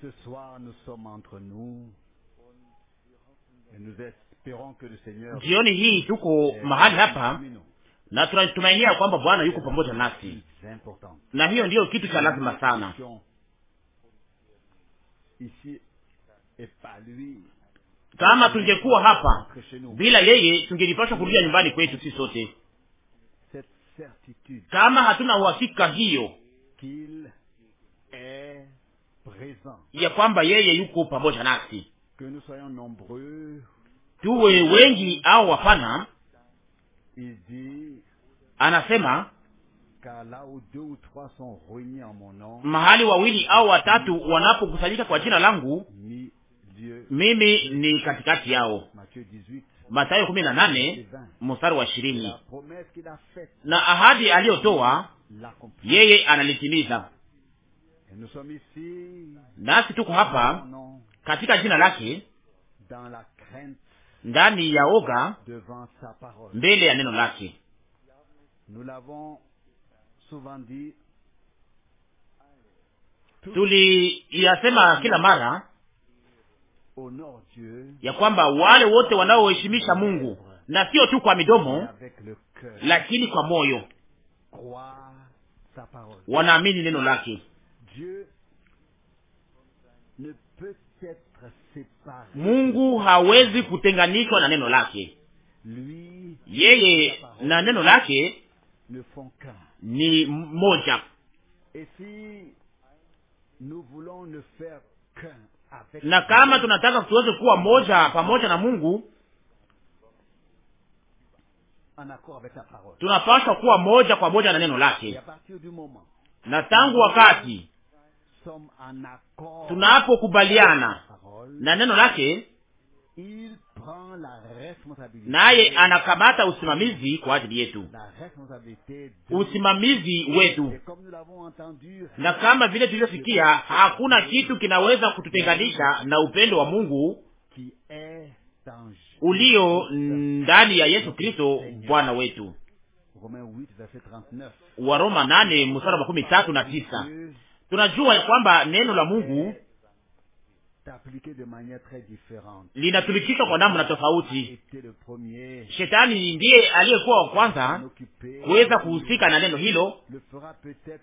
Ce soir, nous sommes entre nous et nous espérons que le Seigneur. Jioni hii tuko mahali hapa na tunatumainia kwamba Bwana yuko pamoja nasi, na hiyo ndiyo kitu cha lazima sana. Kama tungekuwa hapa bila yeye, tungelipashwa kurudia nyumbani kwetu sisi sote. Kama hatuna uhakika hiyo ya kwamba yeye yuko pamoja nasi, tuwe wengi au hapana. Anasema mahali wawili au watatu wanapokusanyika kwa jina langu, mimi ni katikati yao. Mathayo kumi na nane mstari wa ishirini. Na ahadi aliyotoa yeye analitimiza nasi tuko hapa katika jina lake ndani ya oga mbele ya neno lake. Tuliyasema kila mara ya kwamba wale wote wanaoheshimisha Mungu na sio tu kwa midomo, lakini kwa moyo wanaamini neno lake Mungu hawezi kutenganishwa na neno lake. Yeye na neno lake ni moja, na kama tunataka tuweze kuwa moja pamoja na Mungu, tunapaswa kuwa moja kwa moja na neno lake, na tangu wakati tunapokubaliana na neno lake, naye anakamata usimamizi kwa ajili yetu, usimamizi wetu. Na kama vile tulivyosikia, hakuna kitu kinaweza kututenganisha na upendo wa Mungu ulio ndani ya Yesu Kristo Bwana wetu. Waroma 8 mstari wa makumi tatu na tisa tunajua ya kwamba neno la Mungu linatumikishwa kwa namna tofauti. Shetani ndiye aliyekuwa wa kwanza kuweza kuhusika na neno hilo,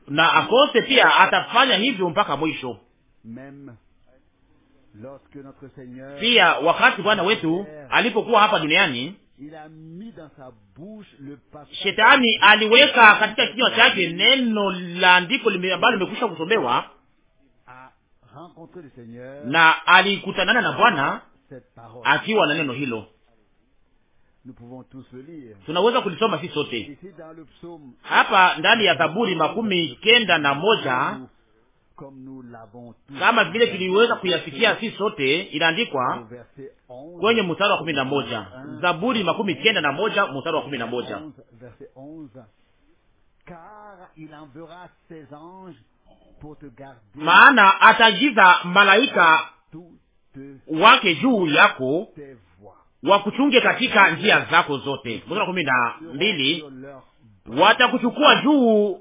na akose pia atafanya hivyo mpaka mwisho pia. Wakati Bwana wetu alipokuwa hapa duniani Shetani aliweka katika kinywa chake neno la andiko ambalo limekwisha kusomewa na alikutanana na Bwana akiwa na neno hilo. Tunaweza kulisoma sisi sote hapa ndani ya Zaburi makumi kenda na moja kama vile tuliweza kuyafikia si sote. Inaandikwa kwenye mstari wa kumi na moja Zaburi makumi kenda na moja mstari wa kumi na moja maana atajiza malaika wake juu yako wakuchunge katika njia zako zote. Mstari wa kumi na mbili watakuchukua juu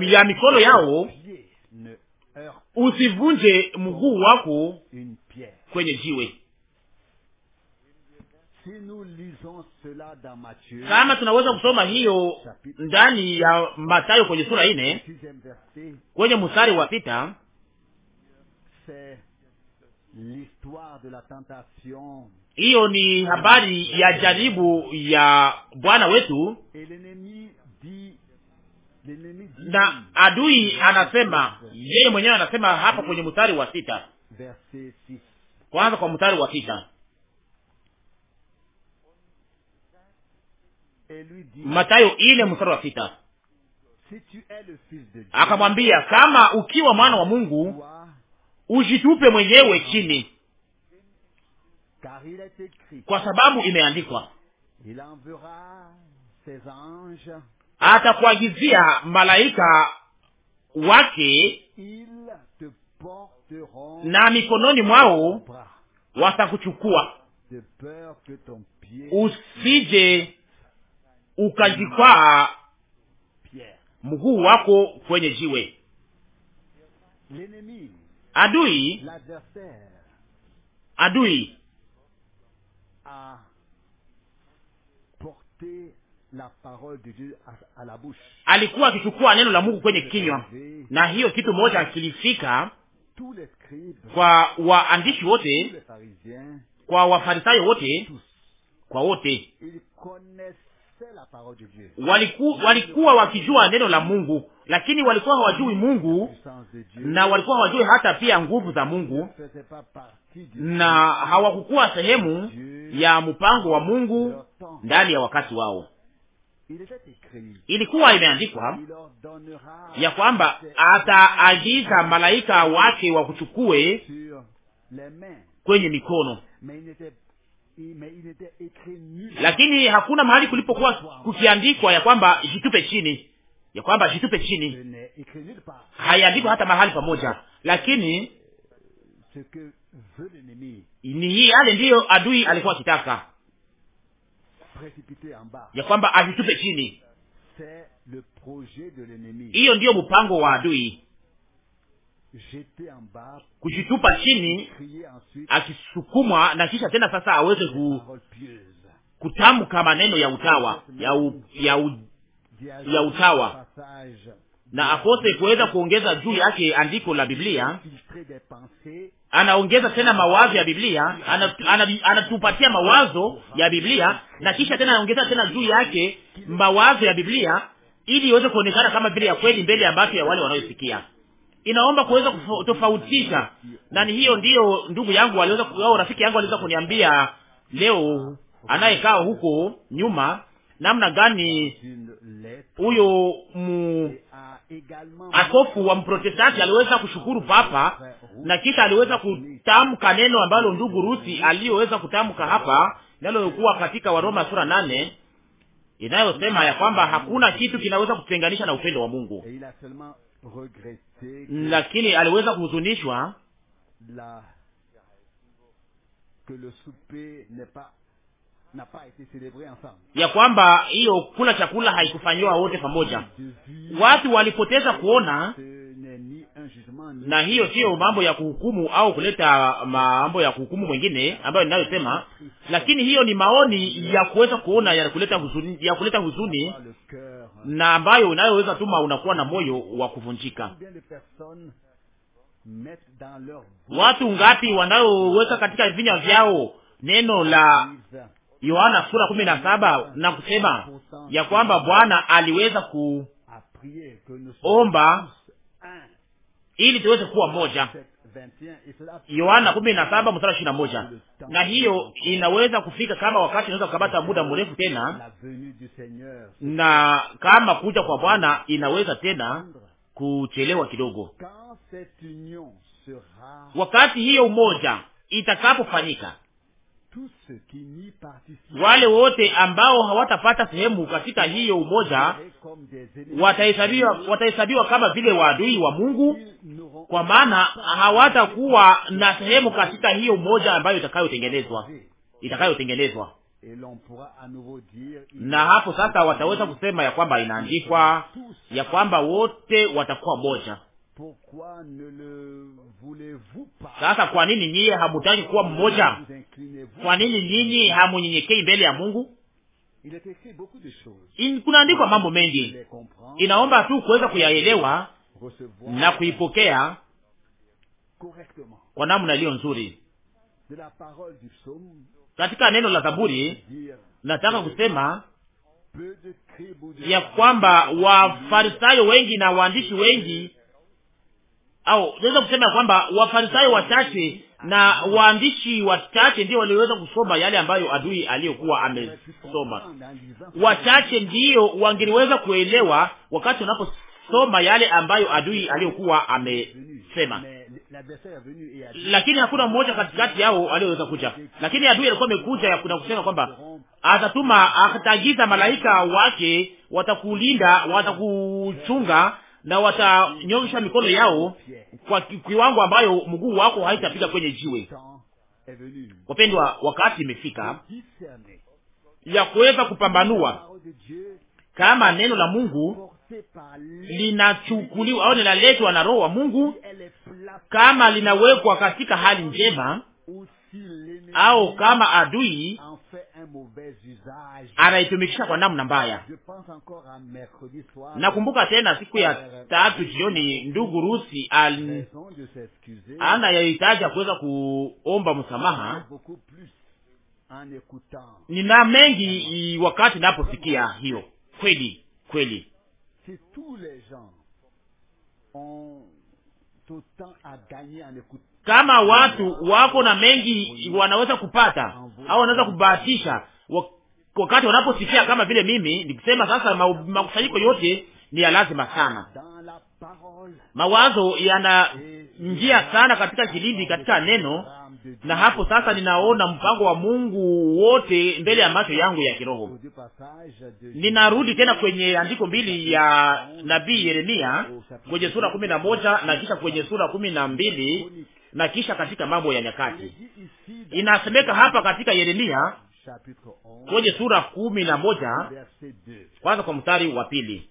ya mikono yao usivunje mguu wako kwenye jiwe. Kama tunaweza kusoma hiyo ndani ya Matayo kwenye sura ine kwenye mstari wa sita hiyo ni habari ya jaribu ya Bwana wetu na adui anasema, yeye mwenyewe anasema hapa kwenye mstari wa sita, kwanza kwa mstari wa sita, Matayo ine mstari wa sita, akamwambia kama ukiwa mwana wa Mungu ujitupe mwenyewe chini, kwa sababu imeandikwa atakuagizia malaika wake na mikononi mwao watakuchukua, usije ukajikwaa mguu wako kwenye jiwe. Adui, adui alikuwa akichukua neno la Mungu kwenye kinywa, na hiyo kitu moja kilifika kwa waandishi wote, kwa wafarisayo wote, kwa wote waliku, walikuwa wakijua neno la Mungu, lakini walikuwa hawajui Mungu na walikuwa hawajui hata pia nguvu za Mungu, na hawakukuwa sehemu ya mpango wa Mungu ndani ya wakati wao ilikuwa imeandikwa ya kwamba ataagiza malaika wake wakuchukue kwenye mikono, lakini hakuna mahali kulipokuwa kukiandikwa ya kwamba jitupe chini, ya kwamba jitupe chini, haiandikwa hata mahali pamoja, lakini ni hii yale ndiyo adui alikuwa akitaka ya kwamba azitupe chini. Hiyo ndiyo mpango wa adui, kujitupa chini, akisukumwa na kisha tena sasa aweze ku, kutamka maneno ya utawa ya, u, ya, u, ya utawa na akose kuweza kuongeza juu yake andiko la Biblia. Anaongeza tena mawazo ya Biblia, anatupatia ana, ana mawazo ya Biblia, na kisha tena anaongeza tena juu yake mawazo ya Biblia ili iweze kuonekana kama vile ya kweli mbele ya macho ya wale wanaosikia. Inaomba kuweza kutofautisha, na ni hiyo ndiyo ndugu yangu aliweza, au rafiki yangu aliweza kuniambia leo, anayekaa huko nyuma namna gani huyo mu askofu wa mprotestanti aliweza kushukuru papa na kisha aliweza kutamka neno ambalo ndugu Rusi aliyoweza kutamka hapa linalokuwa katika Waroma sura nane inayosema ya kwamba hakuna kitu kinaweza kutenganisha na upendo wa Mungu, lakini aliweza kuhuzunishwa ya kwamba hiyo kula chakula haikufanyiwa wote pamoja. Watu walipoteza kuona, na hiyo siyo mambo ya kuhukumu au kuleta mambo ya kuhukumu mwengine ambayo ninayosema, lakini hiyo ni maoni ya kuweza kuona ya kuleta huzuni, ya kuleta huzuni na ambayo inayoweza tuma unakuwa na moyo wa kuvunjika. Watu ngapi wanaoweka katika vinywa vyao neno la Yohana sura kumi na saba na kusema ya kwamba Bwana aliweza kuomba ili tuweze kuwa moja. Yohana kumi na saba mstari ishirini na moja. Na hiyo inaweza kufika kama wakati inaweza kukabata muda mrefu tena, na kama kuja kwa Bwana inaweza tena kuchelewa kidogo. Wakati hiyo umoja itakapofanyika wale wote ambao hawatapata sehemu katika hiyo umoja watahesabiwa, watahesabiwa kama vile waadui wa Mungu, kwa maana hawatakuwa na sehemu katika hiyo umoja ambayo itakayotengenezwa itakayotengenezwa na hapo sasa wataweza kusema ya kwamba inaandikwa ya kwamba wote watakuwa moja. Sasa kwa nini nyinyi hamutaki kuwa mmoja? Kwa nini nyinyi hamunyenyekei mbele ya Mungu? Kunaandikwa mambo mengi, inaomba tu kuweza kuyaelewa na kuipokea kwa namna iliyo nzuri. Katika neno la Zaburi nataka kusema ya kwamba Wafarisayo wengi na waandishi wengi au naweza kusema kwamba wafarisayo wachache na waandishi wachache ndio walioweza kusoma yale ambayo adui aliyokuwa amesoma. Wachache ndiyo wangeliweza kuelewa wakati wanaposoma yale ambayo adui aliyokuwa amesema, lakini hakuna mmoja katikati yao aliyoweza kuja. Lakini adui alikuwa amekuja na kusema kwamba atatuma, ataagiza malaika wake, watakulinda, watakuchunga na watanyosha mikono yao kwa kiwango ambayo mguu wako haitapiga kwenye jiwe. Wapendwa, wakati imefika ya kuweza kupambanua kama neno la Mungu linachukuliwa au linaletwa na Roho wa Mungu, kama linawekwa katika hali njema au kama adui anaitumikisha kwa namna mbaya. Nakumbuka tena siku ya euh, tatu jioni, ndugu Rusi ana yahitaji ya kuweza kuomba msamaha. Nina mengi wakati naposikia hiyo, kweli kweli kama watu wako na mengi wanaweza kupata au wanaweza kubahatisha wakati wanaposikia kama vile mimi nikusema. Sasa makusanyiko yote ni ya lazima sana, mawazo yana njia sana katika kilindi, katika neno. Na hapo sasa ninaona mpango wa Mungu wote mbele ya macho yangu ya kiroho. Ninarudi tena kwenye andiko mbili ya nabii Yeremia kwenye sura kumi na moja na kisha kwenye sura kumi na mbili na kisha katika mambo ya nyakati. Inasemeka hapa katika Yeremia kwenye sura kumi na moja kwanza kwa mstari wa pili.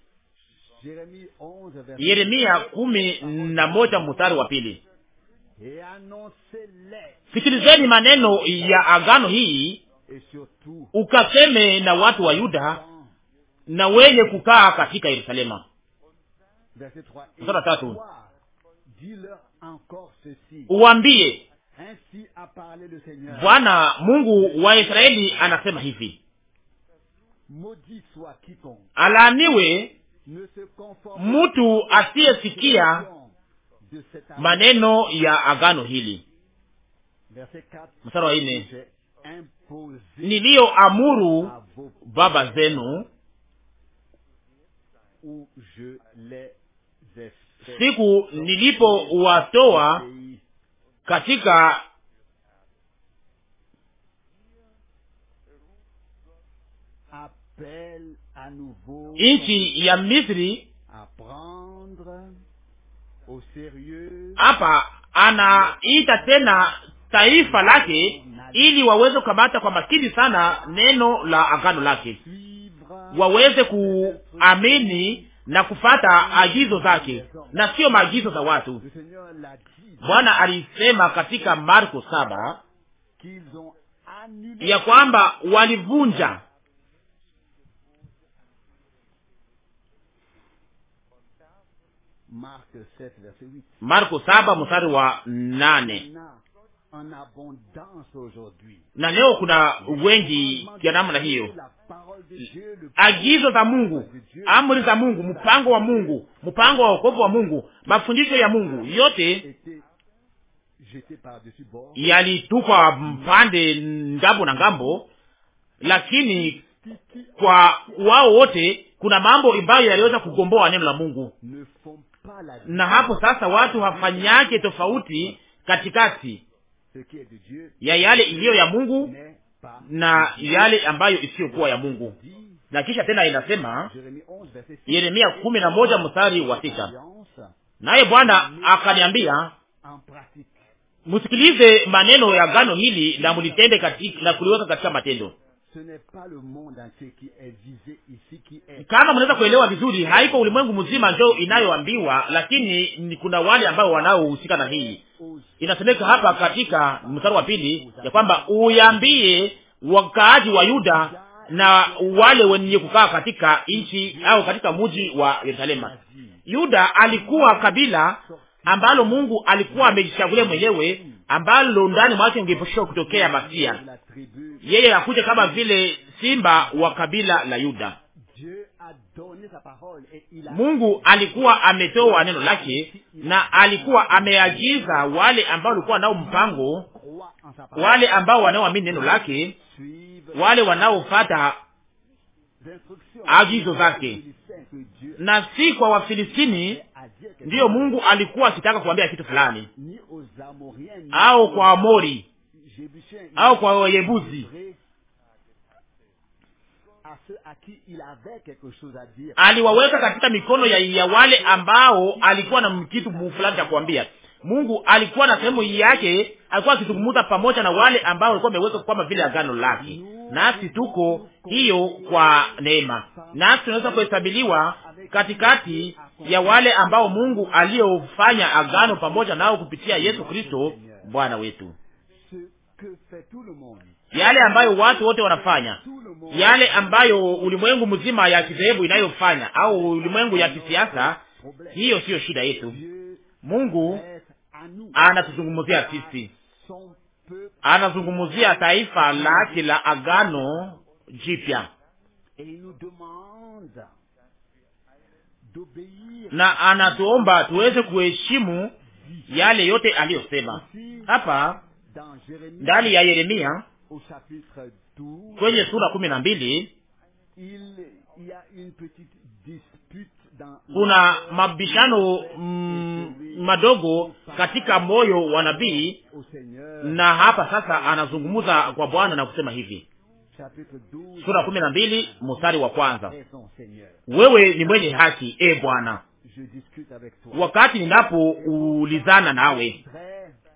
Yeremia kumi na moja mstari wa pili. Sikilizeni maneno ya agano hii, ukaseme na watu wa Yuda na wenye kukaa katika Yerusalema uwambie, Bwana Mungu wa Israeli anasema hivi, alaaniwe mtu asiyesikia maneno ya agano hili. Mstari wa nne, niliyoamuru baba zenu siku nilipo watoa katika nchi ya Misri. Hapa anaita tena taifa lake ili waweze kukamata kwa makini sana neno la agano lake, waweze kuamini na kufata agizo zake na sio maagizo za watu. Bwana alisema katika Marko saba ya kwamba walivunja Marko saba mstari wa nane na leo kuna wengi ya namna hiyo. Agizo za Mungu, amri za Mungu, mpango wa Mungu, mpango wa wokovu wa Mungu, mafundisho ya Mungu yote yalitupwa mpande ngambo na ngambo, lakini kwa wao wote kuna mambo ambayo yaliweza kugomboa neno la Mungu, na hapo sasa watu hafanyake tofauti katikati ya yale iliyo ya Mungu na yale ambayo isiyokuwa ya Mungu. Na kisha tena inasema Yeremia kumi na moja mstari wa sita, naye Bwana akaniambia msikilize maneno ya gano hili na mulitende katika, na kuliweka katika matendo. Kama mnaweza kuelewa vizuri, haiko ulimwengu mzima ndio inayoambiwa, lakini ni kuna wale ambao wanaohusika na hii Inasemeka hapa katika mstari wa pili ya kwamba uyambie wakaaji wa Yuda na wale wenye kukaa katika nchi au katika mji wa Yerusalema. Yuda alikuwa kabila ambalo Mungu alikuwa amejichagulia mwenyewe, ambalo ndani mwake ungepashwa kutokea Masia. Yeye akuja kama vile simba wa kabila la Yuda. Mungu alikuwa ametoa neno lake na alikuwa ameagiza wale ambao walikuwa nao mpango, wale ambao wanaoamini neno lake, wale wanaofata agizo zake, na si kwa Wafilistini. Ndiyo Mungu alikuwa akitaka kuambia kitu fulani, au kwa Amori au kwa Wayebuzi aliwaweka katika mikono ya, ya wale ambao alikuwa na kitu fulani cha kuambia. Mungu alikuwa na sehemu yake, alikuwa akizungumza pamoja na wale ambao walikuwa wameweka kama vile agano lake, nasi tuko hiyo kwa neema, nasi tunaweza kuhesabiliwa katikati ya wale ambao Mungu aliyofanya agano pamoja nao kupitia Yesu Kristo Bwana wetu yale ambayo watu wote wanafanya, yale ambayo ulimwengu mzima ya kizehebu inayofanya au ulimwengu ya kisiasa, hiyo siyo shida yetu. Mungu anatuzungumzia sisi, anazungumzia taifa lake la agano jipya na anatuomba tuweze kuheshimu yale yote aliyosema hapa ndani ya Yeremia kwenye sura kumi na mbili kuna mabishano mm, madogo katika moyo wa nabii, na hapa sasa anazungumza kwa Bwana na kusema hivi, sura kumi na mbili mstari wa kwanza wewe ni mwenye haki e Bwana, wakati ninapoulizana nawe,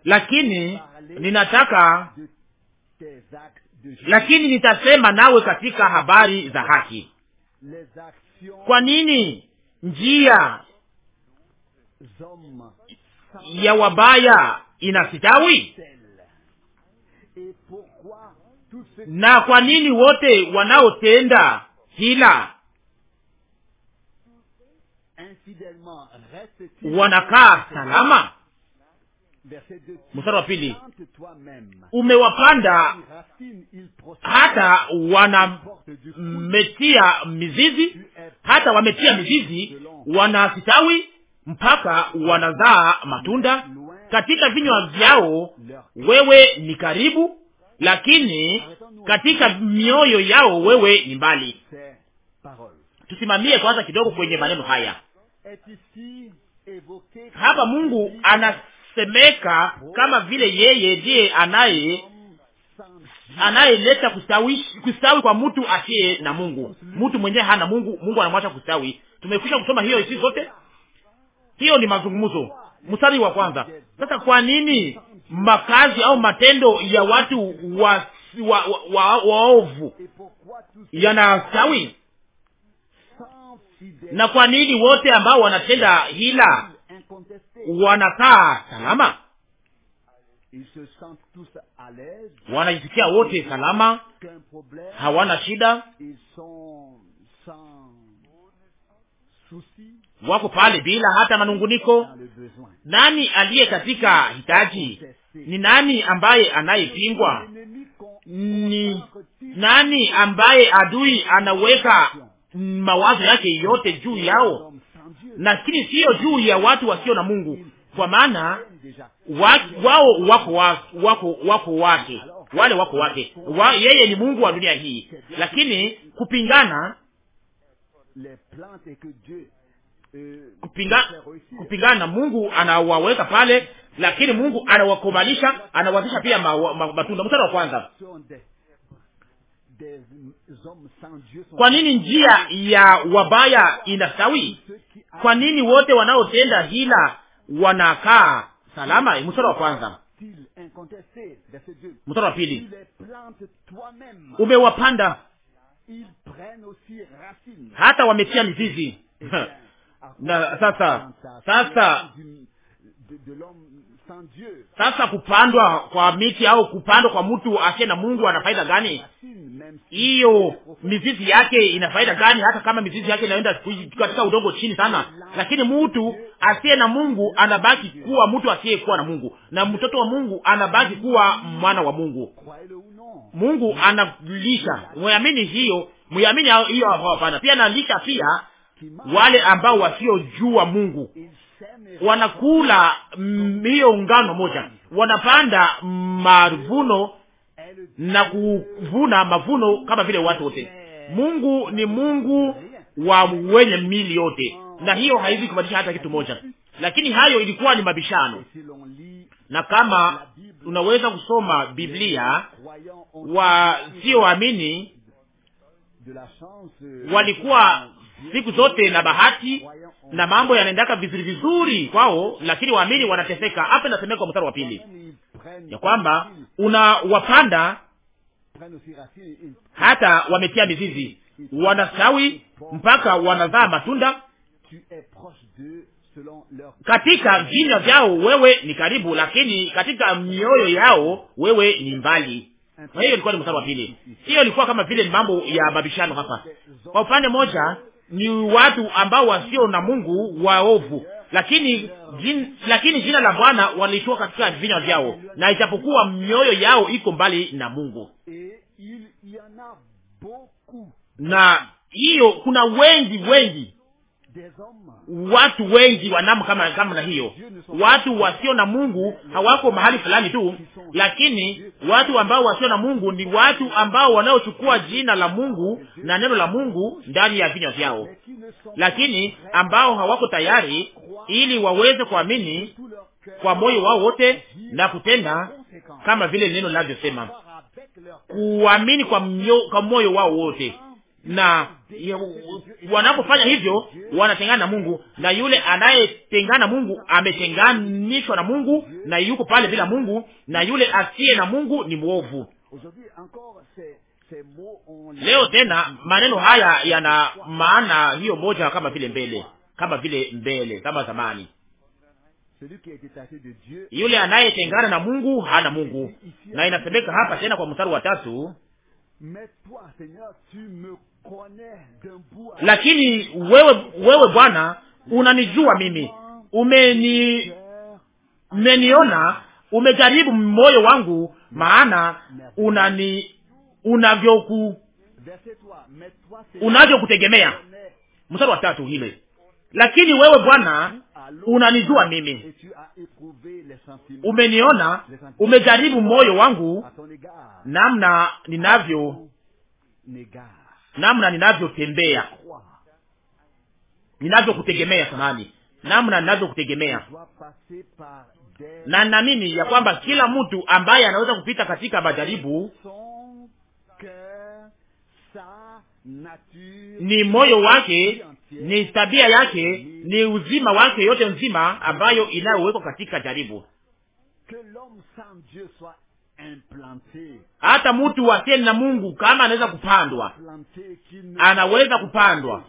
lakini ninataka lakini nitasema nawe katika habari za haki. Kwa nini njia ya wabaya inasitawi? Na kwa nini wote wanaotenda hila wanakaa salama? Mstari wa pili, umewapanda hata wanametia mizizi, hata wametia mizizi, wanasitawi mpaka wanazaa matunda. Katika vinywa vyao wewe ni karibu, lakini katika mioyo yao wewe ni mbali. Tusimamie kwanza kidogo kwenye maneno haya hapa. Mungu ana semeka kama vile yeye ndiye anaye anayeleta kustawi kustawi kwa mtu asiye na Mungu. Mtu mwenyewe hana Mungu, Mungu anamwacha kustawi. Tumekwisha kusoma hiyo isi zote, hiyo ni mazungumzo, mstari wa kwanza. Sasa kwa nini makazi au matendo ya watu wa waovu wa, wa, wa yanastawi? Na kwa nini wote ambao wanatenda hila wanakaa salama, wanajisikia wote salama, hawana shida, wako pale bila hata manunguniko. Nani aliye katika hitaji? Ni nani ambaye anayepingwa? Ni nani ambaye adui anaweka mawazo yake yote juu yao? lakini siyo juu ya watu wasio na Mungu, kwa maana wao wako, wako, wako, wako wake wale wako wake wa, yeye ni Mungu wa dunia hii, lakini kupingana kupinga, kupingana Mungu anawaweka pale, lakini Mungu anawakomalisha, anawazisha pia ma, ma, matunda. Mstari wa kwanza kwa nini njia ya wabaya inastawi? Kwa nini wote wanaotenda hila wanakaa salama? Mstari wa kwanza mstari wa pili umewapanda hata wametia mizizi. Eh na sasa sasa sasa kupandwa kwa miti au kupandwa kwa mtu asiye na Mungu ana faida gani? Hiyo mizizi yake ina faida gani? Hata kama mizizi yake inaenda katika udongo chini sana, lakini mtu asiye na Mungu anabaki kuwa mtu asiyekuwa na Mungu, na mtoto wa Mungu anabaki kuwa mwana wa Mungu. Mungu analisha, muamini hiyo, muamini hiyo. Hapana, pia analisha pia wale ambao wasiojua Mungu wanakula hiyo ngano moja, wanapanda mavuno na kuvuna mavuno kama vile watu wote. Mungu ni Mungu wa wenye mili yote, na hiyo haiwezi kubadilisha hata kitu moja. Lakini hayo ilikuwa ni mabishano, na kama unaweza kusoma Biblia, wasioamini walikuwa siku zote na bahati na mambo yanaendaka vizuri vizuri kwao, lakini waamini wanateseka. Hapa inasemeka kwa mstari wa pili ya kwamba unawapanda hata wametia mizizi, wanastawi mpaka wanazaa matunda katika vinywa vyao wewe ni karibu, lakini katika mioyo yao wewe ni mbali. Kwa hiyo ilikuwa ni mstari wa pili. Hiyo ilikuwa kama vile mambo ya mabishano hapa. Kwa upande mmoja ni watu ambao wasio na Mungu waovu, lakini jin, lakini jina la Bwana walishua katika vinywa vyao, na ijapokuwa mioyo yao iko mbali na Mungu. Na hiyo kuna wengi wengi Watu wengi wanamo kama na hiyo, watu wasio na Mungu hawako mahali fulani tu, lakini watu ambao wasio na Mungu ni watu ambao wanaochukua jina la Mungu na neno la Mungu ndani ya vinywa vyao, lakini ambao hawako tayari ili waweze kuamini kwa, kwa moyo wao wote na kutenda kama vile neno linavyosema, kuamini kwa, kwa moyo wao wote ah na wanapofanya hivyo wanatengana na Mungu, na yule anayetengana na Mungu ametenganishwa na Mungu na yuko pale bila Mungu, na yule asiye na Mungu ni mwovu. Leo tena maneno haya yana maana hiyo moja, kama vile mbele, kama vile mbele, kama zamani. Yule anayetengana na Mungu hana Mungu, na inasemeka hapa tena kwa mstari wa tatu lakini wewe, wewe Bwana unanijua mimi, umeni umeniona, umejaribu moyo wangu, maana unani unavyoku unavyokutegemea. Mstari wa tatu ile, lakini wewe Bwana unanijua mimi, umeniona, umejaribu moyo wangu, namna ninavyo namna ninavyotembea, ninavyokutegemea, samani, namna ninavyokutegemea. Na naamini ya kwamba kila mtu ambaye anaweza kupita katika majaribu ni moyo wake ni tabia yake, ni uzima wake, yote nzima ambayo inayowekwa katika jaribu. Hata mtu asiye na Mungu kama anaweza kupandwa, anaweza kupandwa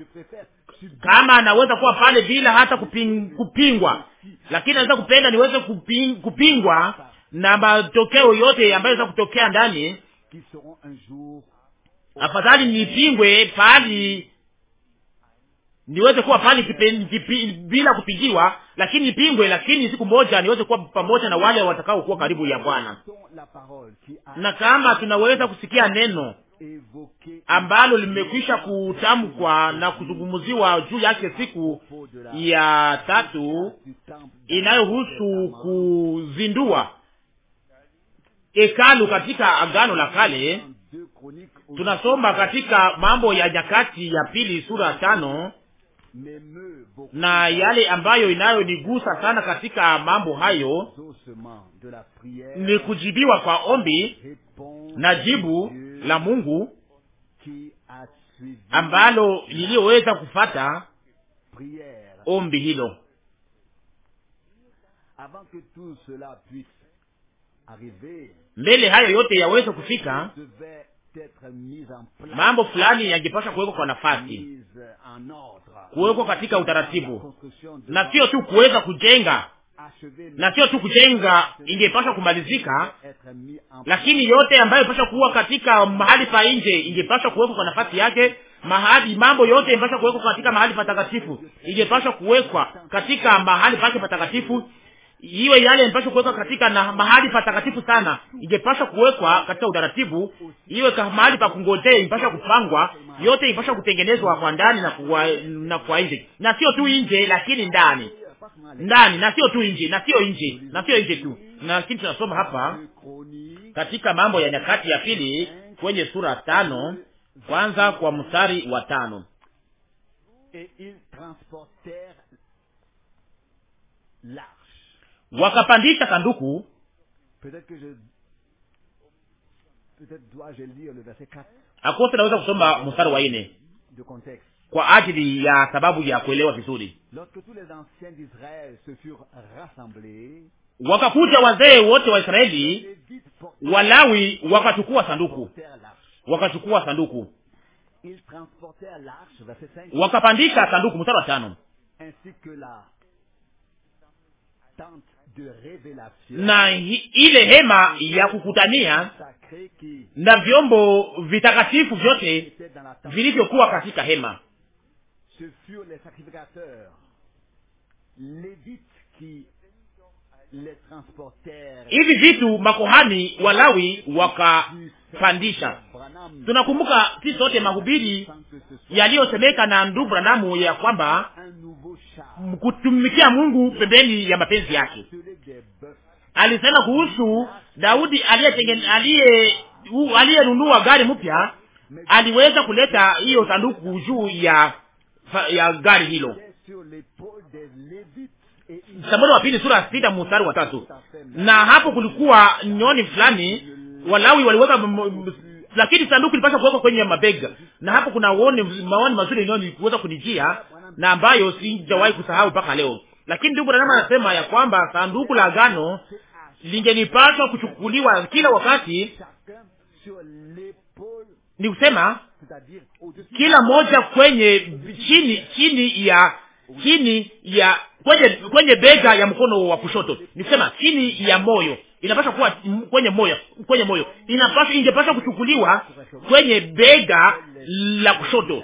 kama anaweza kuwa pale bila hata kuping, kupingwa, lakini anaweza kupenda niweze kuping, kupingwa na matokeo yote ambayo aweza kutokea ndani. Afadhali nipingwe pali niweze kuwa pale bila kupigiwa, lakini nipingwe, lakini siku moja niweze kuwa pamoja na wale watakao kuwa karibu ya Bwana. Na kama tunaweza kusikia neno ambalo limekwisha kutamkwa na kuzungumziwa juu yake siku ya tatu inayohusu kuzindua hekalu katika Agano la Kale tunasoma katika Mambo ya Nyakati ya Pili sura tano na yale ambayo inayonigusa sana katika mambo hayo ni kujibiwa kwa ombi na jibu la Mungu ambalo liliyoweza kufata ombi hilo mbele hayo yote yaweze kufika, mambo fulani yangepasha kuwekwa kwa nafasi, kuwekwa katika utaratibu, na sio tu kuweza kujenga na sio tu kujenga ingepashwa kumalizika, lakini yote ambayo pasha kuwa katika mahali pa nje ingepasha kuwekwa kwa nafasi yake. Mahali mambo yote ingepasha kuwekwa katika mahali patakatifu, ingepashwa kuwekwa katika mahali pake patakatifu, iwe yale yanapaswa kuwekwa katika na mahali patakatifu sana, ingepaswa kuwekwa katika utaratibu, iwe mahali pa kungojea, ingepaswa kupangwa, yote ingepaswa kutengenezwa kwa ndani na kwa na kwa nje, na sio tu nje, lakini ndani ndani, na sio tu nje, na sio nje, na sio nje tu. Na sisi tunasoma hapa katika Mambo ya Nyakati ya Pili kwenye sura tano kwanza kwa mstari wa tano Et transportèrent wakapandisha sanduku. Akose naweza kusoma mstari wa ine kwa ajili ya sababu ya kuelewa vizuri. Wakakuja wazee wote wa Israeli, Walawi wakachukua sanduku, wakachukua sanduku, wakapandisha sanduku. Mstari wa tano na ile hema ya kukutania na vyombo vitakatifu vyote vilivyokuwa katika hema hivi vitu makohani Walawi wakapandisha. Tunakumbuka sisi sote mahubiri yaliyosemeka na ndugu Branamu ya kwamba kutumikia Mungu pembeni ya mapenzi yake. Alisema kuhusu Daudi aliyenunua gari mpya, aliweza kuleta hiyo sanduku juu ya ya gari hilo Samueli wa pili sura sita mstari wa tatu. Na hapo kulikuwa nyoni fulani Walawi waliweka lakini sanduku lipasha kuwekwa kwenye mabega, na hapo kuna uone maoni mazuri ndio kuweza kunijia na ambayo sijawahi kusahau mpaka leo. Lakini ndugu Branham anasema ya kwamba sanduku la agano lingenipaswa kuchukuliwa kila wakati, ni kusema kila moja kwenye chini chini ya chini ya kwenye kwenye bega ya mkono wa kushoto, nisema chini ya moyo, inapaswa kuwa kwenye moyo, kwenye moyo inapaswa, ingepaswa kuchukuliwa kwenye bega la kushoto.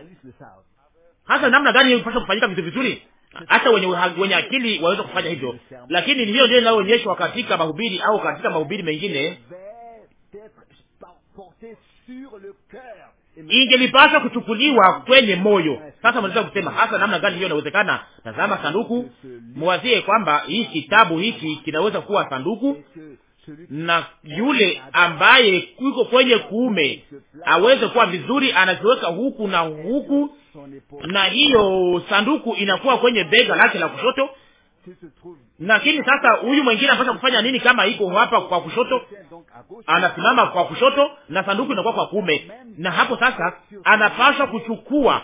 Hasa namna gani inapaswa kufanyika vitu vizuri, hata wenye wenye akili waweza kufanya hivyo, lakini hiyo ndio inayoonyeshwa katika mahubiri au katika mahubiri mengine ingelipaswa kuchukuliwa kwenye moyo. Sasa mnaweza kusema hasa namna gani hiyo inawezekana? Tazama sanduku, mwazie kwamba hii kitabu hiki kinaweza kuwa sanduku, na yule ambaye yuko kwenye kuume aweze kuwa vizuri, anaziweka huku na huku, na hiyo sanduku inakuwa kwenye bega lake la kushoto lakini sasa huyu mwingine anapaswa kufanya nini? Kama iko hapa kwa kushoto, anasimama kwa kushoto na sanduku inakuwa kwa kume, na hapo sasa anapaswa kuchukua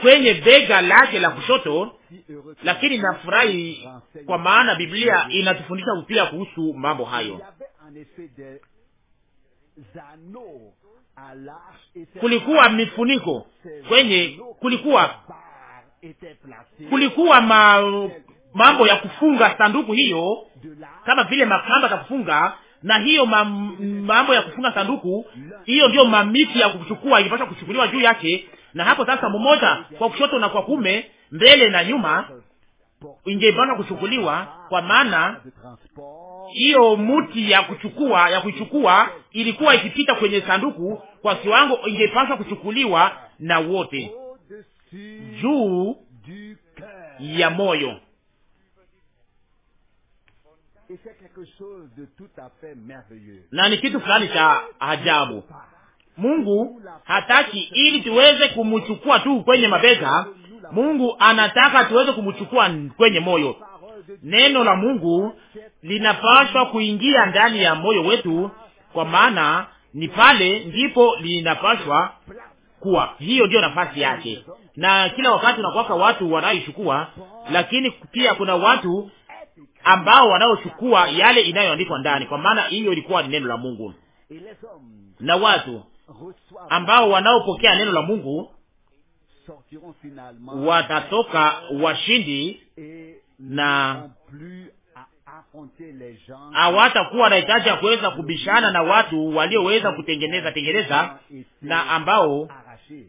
kwenye bega lake la kushoto. Lakini nafurahi kwa maana Biblia inatufundisha pia kuhusu mambo hayo. Kulikuwa mifuniko kwenye, kulikuwa kulikuwa ma mambo ya kufunga sanduku hiyo, kama vile makamba za kufunga na hiyo mam, mambo ya kufunga sanduku hiyo, ndiyo mamiti ya kuchukua ilipaswa kuchukuliwa juu yake. Na hapo sasa, mmoja kwa kushoto na kwa kume, mbele na nyuma, ingepaswa kuchukuliwa, kwa maana hiyo muti ya kuchukua ya kuichukua ilikuwa ikipita kwenye sanduku kwa kiwango, ingepaswa kuchukuliwa na wote juu ya moyo na ni kitu fulani cha ajabu. Mungu hataki ili tuweze kumchukua tu kwenye mabega. Mungu anataka tuweze kumchukua kwenye moyo. Neno la Mungu linapaswa kuingia ndani ya moyo wetu, kwa maana ni pale ndipo linapaswa kuwa. Hiyo ndiyo nafasi yake, na kila wakati unakwaka watu wanaoichukua, lakini pia kuna watu ambao wanaochukua yale inayoandikwa ndani, kwa maana hiyo ilikuwa ni neno la Mungu, na watu ambao wanaopokea neno la Mungu watatoka washindi na hawatakuwa na hitaji ya kuweza kubishana na watu walioweza kutengeneza tengeneza na ambao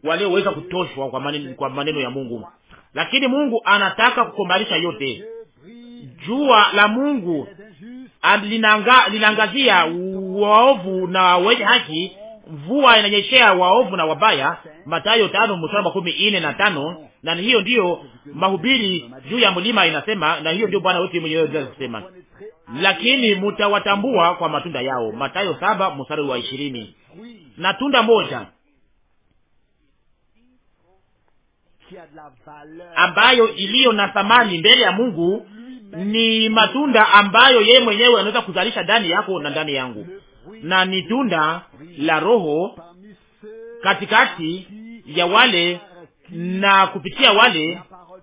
walioweza kutoshwa kwa maneno, kwa maneno ya Mungu. Lakini Mungu anataka kukomalisha yote jua la Mungu linaangazia waovu na wenye haki, mvua inanyeshea waovu na wabaya. Mathayo tano mstari wa kumi ine na tano. Na hiyo ndiyo mahubiri juu ya mlima inasema, na hiyo ndiyo Bwana wetu mwenyewe kusema, lakini mutawatambua kwa matunda yao. Mathayo saba mstari wa ishirini. Na tunda moja ambayo iliyo na thamani mbele ya Mungu ni matunda ambayo yeye mwenyewe anaweza kuzalisha ndani yako na ndani yangu, na ni tunda la Roho katikati ya wale na kupitia wale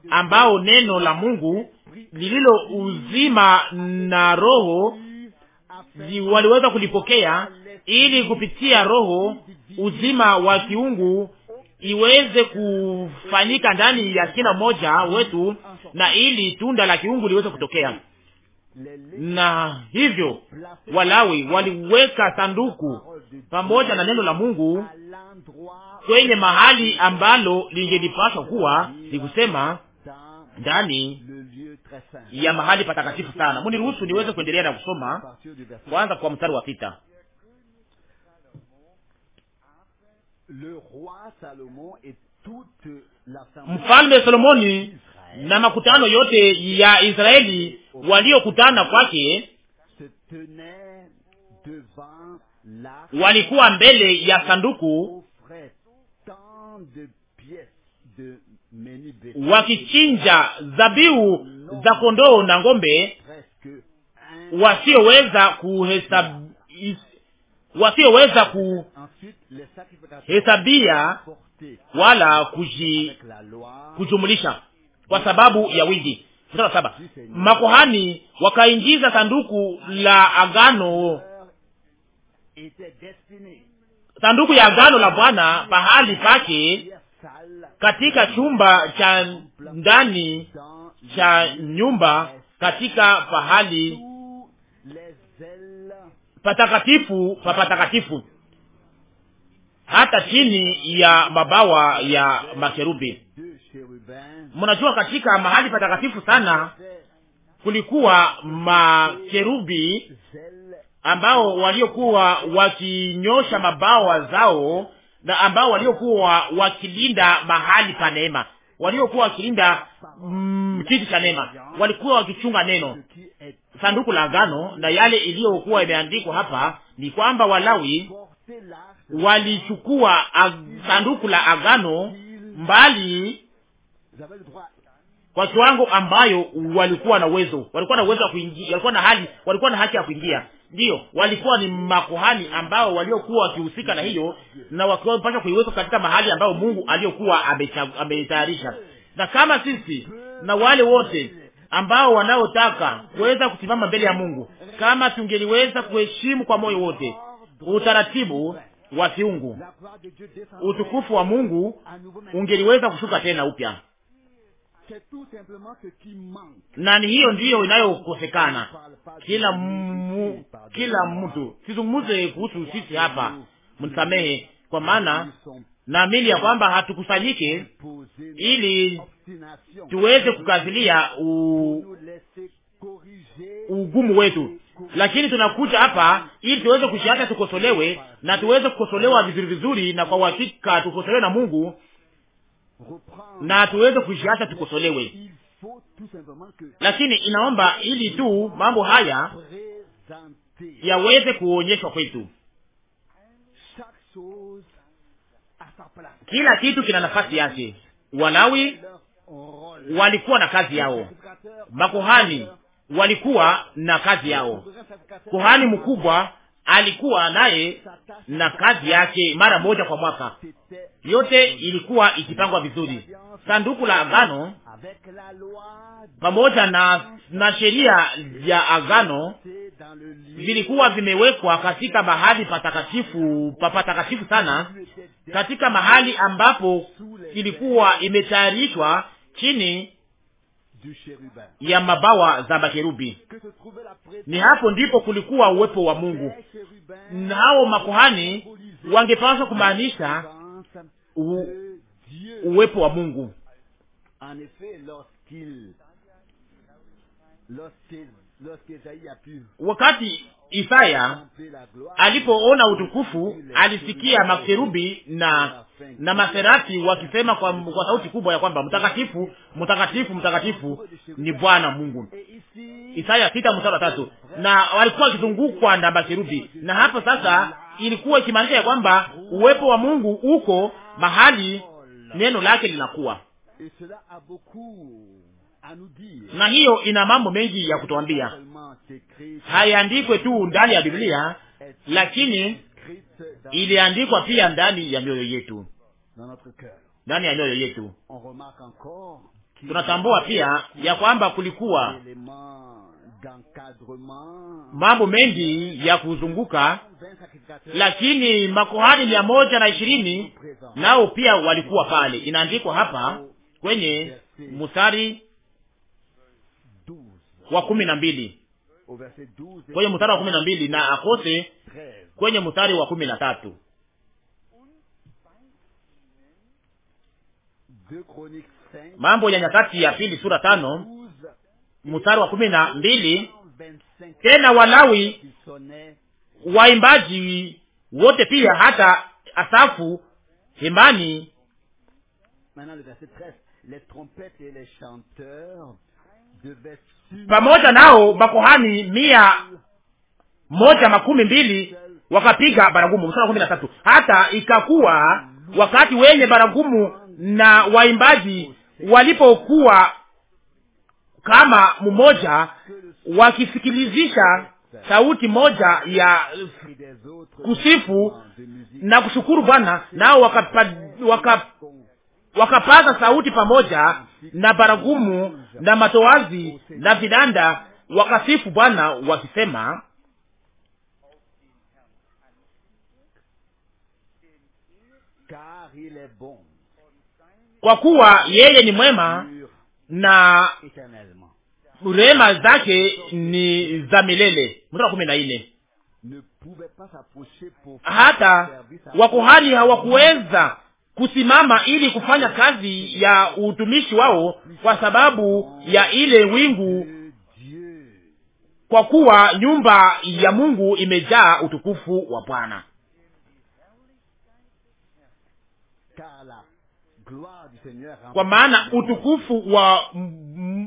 ambao neno la Mungu lililo uzima na Roho waliweza kulipokea, ili kupitia Roho uzima wa kiungu iweze kufanyika ndani ya kila mmoja wetu na ili tunda la kiungu liweze kutokea. Na hivyo Walawi waliweka sanduku pamoja na neno la Mungu kwenye mahali ambalo lingelipaswa kuwa ni kusema ndani ya mahali patakatifu sana. ruhusu niweze kuendelea na kusoma kwanza kwa mstari wa sita. Mfalme Solomoni na makutano yote ya Israeli waliokutana kwake walikuwa mbele ya sanduku wakichinja dhabihu za kondoo na ng'ombe wasioweza kuhesab... wasioweza kuhesabia wala kuji... kujumulisha kwa sababu ya wingi. Mstari wa saba, makuhani wakaingiza sanduku la agano, sanduku ya agano la Bwana pahali pake katika chumba cha ndani cha nyumba katika pahali patakatifu pa patakatifu, hata chini ya mabawa ya makerubi. Mnajua katika mahali patakatifu sana kulikuwa makerubi ambao waliokuwa wakinyosha mabawa zao na ambao waliokuwa wakilinda mahali pa neema, waliokuwa wakilinda mm, kiti cha neema, walikuwa wakichunga neno, sanduku la agano. Na yale iliyokuwa imeandikwa hapa ni kwamba Walawi walichukua sanduku la agano mbali kwa kiwango ambayo walikuwa na uwezo, walikuwa na uwezo wa kuingia, walikuwa na hali, walikuwa na haki ya kuingia. ndio walikuwa ni makuhani ambao waliokuwa wakihusika na hiyo na wakiwapasha kuiweka katika mahali ambayo Mungu aliyokuwa ametayarisha. Na kama sisi na wale wote ambao wanaotaka kuweza kusimama mbele ya Mungu, kama tungeliweza kuheshimu kwa moyo wote utaratibu wa kiungu, utukufu wa Mungu ungeliweza kushuka tena upya na hiyo ndiyo inayokosekana kila mu, kila mtu. Sizungumuze kuhusu sisi hapa, mnisamehe, kwa maana naamini ya kwamba hatukusanyike ili tuweze kukazilia u ugumu wetu, lakini tunakuja hapa ili tuweze kushiacha tukosolewe, na tuweze kukosolewa vizuri vizuri, na kwa uhakika tukosolewe na Mungu na tuweze kujiacha tukosolewe, lakini inaomba ili tu mambo haya yaweze kuonyeshwa kwetu. Kila kitu kina nafasi yake. Walawi walikuwa na kazi yao, makuhani walikuwa na kazi yao. Kuhani mkubwa alikuwa naye na kazi yake mara moja kwa mwaka. Yote ilikuwa ikipangwa vizuri. Sanduku la agano pamoja na, na sheria ya agano vilikuwa vimewekwa katika mahali patakatifu papatakatifu sana, katika mahali ambapo ilikuwa imetayarishwa chini ya mabawa za makerubi. Ni hapo ndipo kulikuwa uwepo wa Mungu, na hao makuhani wangepaswa kumaanisha uwepo wa Mungu Wakati Isaya alipoona utukufu, alisikia makerubi na na maserati wakisema kwa, kwa sauti kubwa ya kwamba mtakatifu mtakatifu mtakatifu ni Bwana Mungu. Isaya sita mstari tatu. Na walikuwa wakizungukwa na makerubi, na hapo sasa ilikuwa ikimaanisha ya kwamba uwepo wa Mungu uko mahali neno lake linakuwa na hiyo ina mambo mengi ya kutuambia. Hayaandikwe tu ndani ya Biblia, lakini iliandikwa pia ndani ya mioyo yetu, ndani ya mioyo yetu. Tunatambua pia ya kwamba kulikuwa mambo mengi ya kuzunguka, lakini makohani mia moja na ishirini nao pia walikuwa pale. Inaandikwa hapa kwenye mstari wa kumi na mbili kwenye mstari wa kumi na mbili na akose kwenye mstari wa kumi na tatu Mambo ya Nyakati ya Pili sura tano mstari wa kumi na mbili Tena Walawi waimbaji wote pia hata Asafu hemani pamoja nao makohani mia moja makumi mbili wakapiga baragumu. Mstari kumi na tatu hata ikakuwa wakati wenye baragumu na waimbaji walipokuwa kama mmoja wakisikilizisha sauti moja ya kusifu na kushukuru Bwana, nao wakapiga waka, wakapaza sauti pamoja na baragumu na matoazi na vinanda, wakasifu Bwana wakisema, kwa kuwa yeye ni mwema na rehema zake ni za milele. Mstari wa kumi na nne. Hata wakuhani hawakuweza kusimama ili kufanya kazi ya utumishi wao kwa sababu ya ile wingu, kwa kuwa nyumba ya Mungu imejaa utukufu wa Bwana. Kwa maana utukufu wa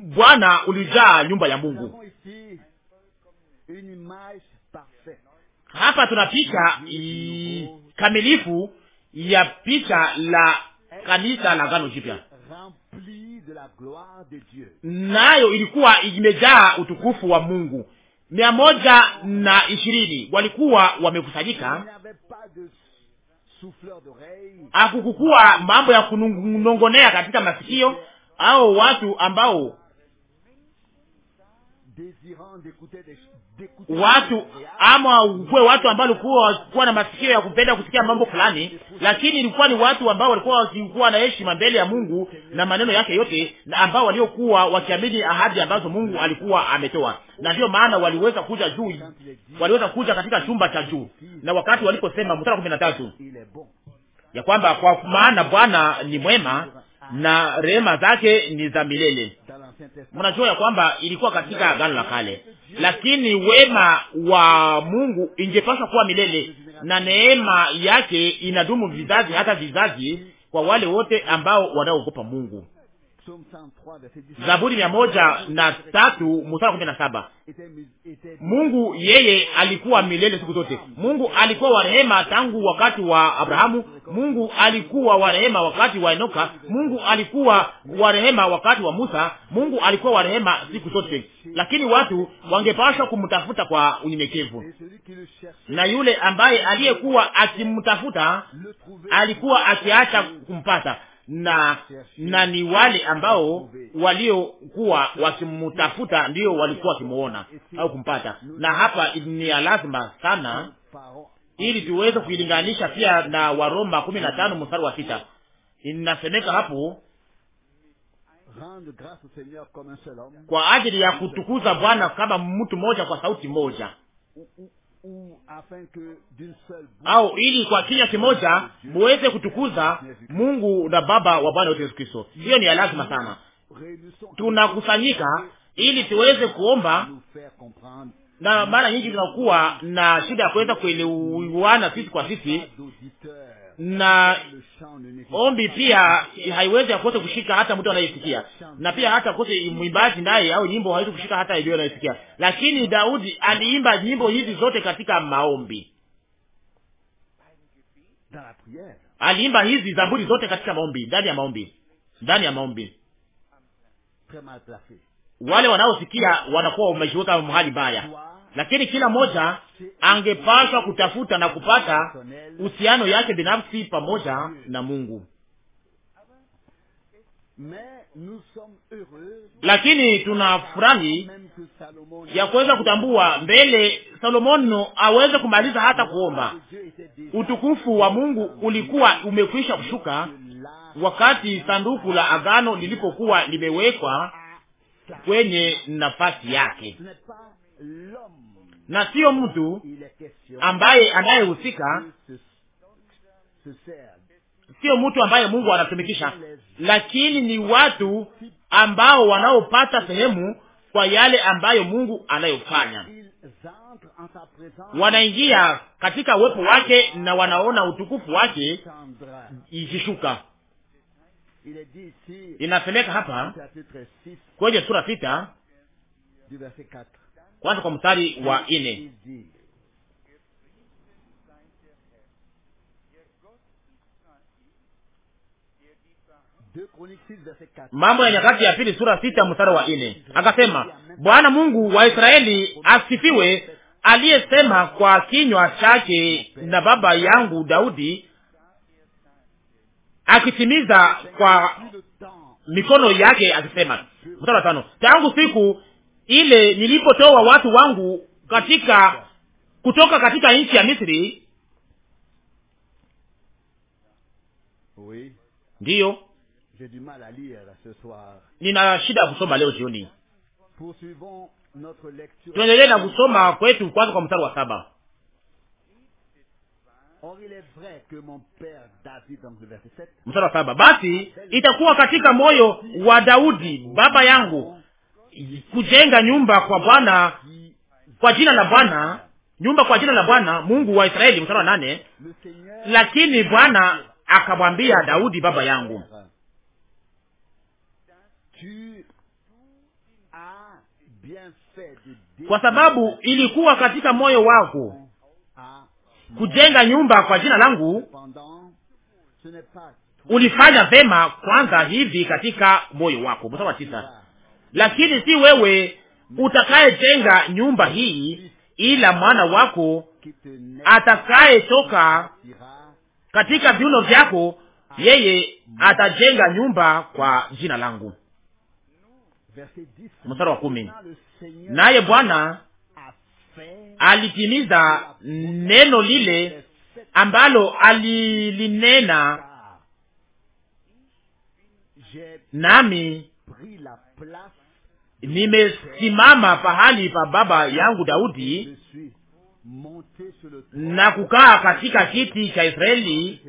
Bwana ulijaa nyumba ya Mungu. Hapa tuna picha kamilifu ya picha la kanisa la gano Jipya, nayo ilikuwa imejaa utukufu wa Mungu. Mia moja na ishirini walikuwa wamekusanyika. Hakukukuwa mambo ya kunongonea katika masikio au watu ambao watu ama ukuwe watu ambao walikuwa walikuwa na masikio ya kupenda kusikia mambo fulani, lakini ilikuwa ni watu ambao walikuwa wasikuwa na heshima mbele ya Mungu na maneno yake yote, na ambao waliokuwa wakiamini ahadi ambazo Mungu alikuwa ametoa, na ndio maana waliweza kuja juu, waliweza kuja katika chumba cha juu, na wakati waliposema mstari kumi na tatu ya kwamba kwa maana Bwana ni mwema na rehema zake ni za milele Mnajua ya kwamba ilikuwa katika agano la kale, lakini wema wa Mungu ingepaswa kuwa milele na neema yake inadumu vizazi hata vizazi kwa wale wote ambao wanaogopa Mungu. Zaburi mia moja na tatu mstari kumi na saba. Mungu yeye alikuwa milele siku zote. Mungu alikuwa wa rehema tangu wakati wa Abrahamu. Mungu alikuwa wa rehema wakati wa Enoka. Mungu alikuwa wa rehema wakati wa Musa. Mungu alikuwa wa rehema siku zote, lakini watu wangepashwa kumtafuta kwa unyenyekevu, na yule ambaye aliyekuwa akimtafuta alikuwa akiacha kumpata na na ni wale ambao waliokuwa wakimtafuta ndio walikuwa wakimuona au kumpata. Na hapa ni ya lazima sana ili tuweze kuilinganisha pia na Waroma kumi na tano mstari wa sita inasemeka hapo kwa ajili ya kutukuza Bwana kama mtu mmoja kwa sauti moja au ili kwa kinywa kimoja muweze kutukuza Mungu na Baba wa Bwana wetu Yesu Kristo. Hiyo ni ya lazima sana, tunakusanyika ili tuweze kuomba, na mara nyingi tunakuwa na shida ya kuweza kuelewana sisi kwa sisi, na ombi pia haiwezi akose kushika hata mtu anayesikia, na pia hata akose mwimbaji naye au nyimbo haiwezi kushika hata iliyo anayesikia. Lakini Daudi aliimba nyimbo hizi zote katika maombi, aliimba hizi zaburi zote katika maombi, ndani ya maombi, ndani ya maombi. Wale wanaosikia wanakuwa wamejiweka mahali mbaya lakini kila mmoja angepaswa kutafuta na kupata uhusiano yake binafsi pamoja na Mungu. Lakini tunafurahi ya kuweza kutambua mbele Salomono aweze kumaliza hata kuomba. Utukufu wa Mungu ulikuwa umekwisha kushuka wakati sanduku la agano lilipokuwa limewekwa kwenye nafasi yake na siyo mtu ambaye anayehusika, siyo mtu ambaye Mungu anatumikisha, lakini ni watu ambao wanaopata sehemu kwa yale ambayo Mungu anayofanya. Wanaingia katika uwepo wake na wanaona utukufu wake ikishuka. Inasemeka hapa kwenye sura sita kwanza kwa mstari wa nne Mambo ya Nyakati ya Pili sura sita mstari wa nne akasema, Bwana Mungu wa Israeli asifiwe, aliyesema kwa kinywa chake na baba yangu Daudi, akitimiza kwa mikono yake, akisema. Mstari wa tano, tangu siku ile nilipotoa watu wangu katika kutoka katika nchi ya Misri. Ndiyo, nina shida ya kusoma leo jioni. Tuendelee na kusoma kwetu kwanza kwa mstari wa saba. Mstari wa saba: basi itakuwa katika moyo wa Daudi baba yangu kujenga nyumba kwa Bwana, kwa jina la Bwana, nyumba kwa jina la Bwana Mungu wa Israeli. Mstari wa nane, lakini Bwana akamwambia Daudi baba yangu, kwa sababu ilikuwa katika moyo wako kujenga nyumba kwa jina langu, ulifanya vema kwanza hivi katika moyo wako. Mstari wa tisa lakini si wewe utakayejenga nyumba hii, ila mwana wako atakayetoka katika viuno vyako, yeye atajenga nyumba kwa jina langu. Mstari wa kumi. Naye Bwana alitimiza neno lile ambalo alilinena nami nimesimama pahali pa baba yangu Daudi na kukaa katika kiti cha Israeli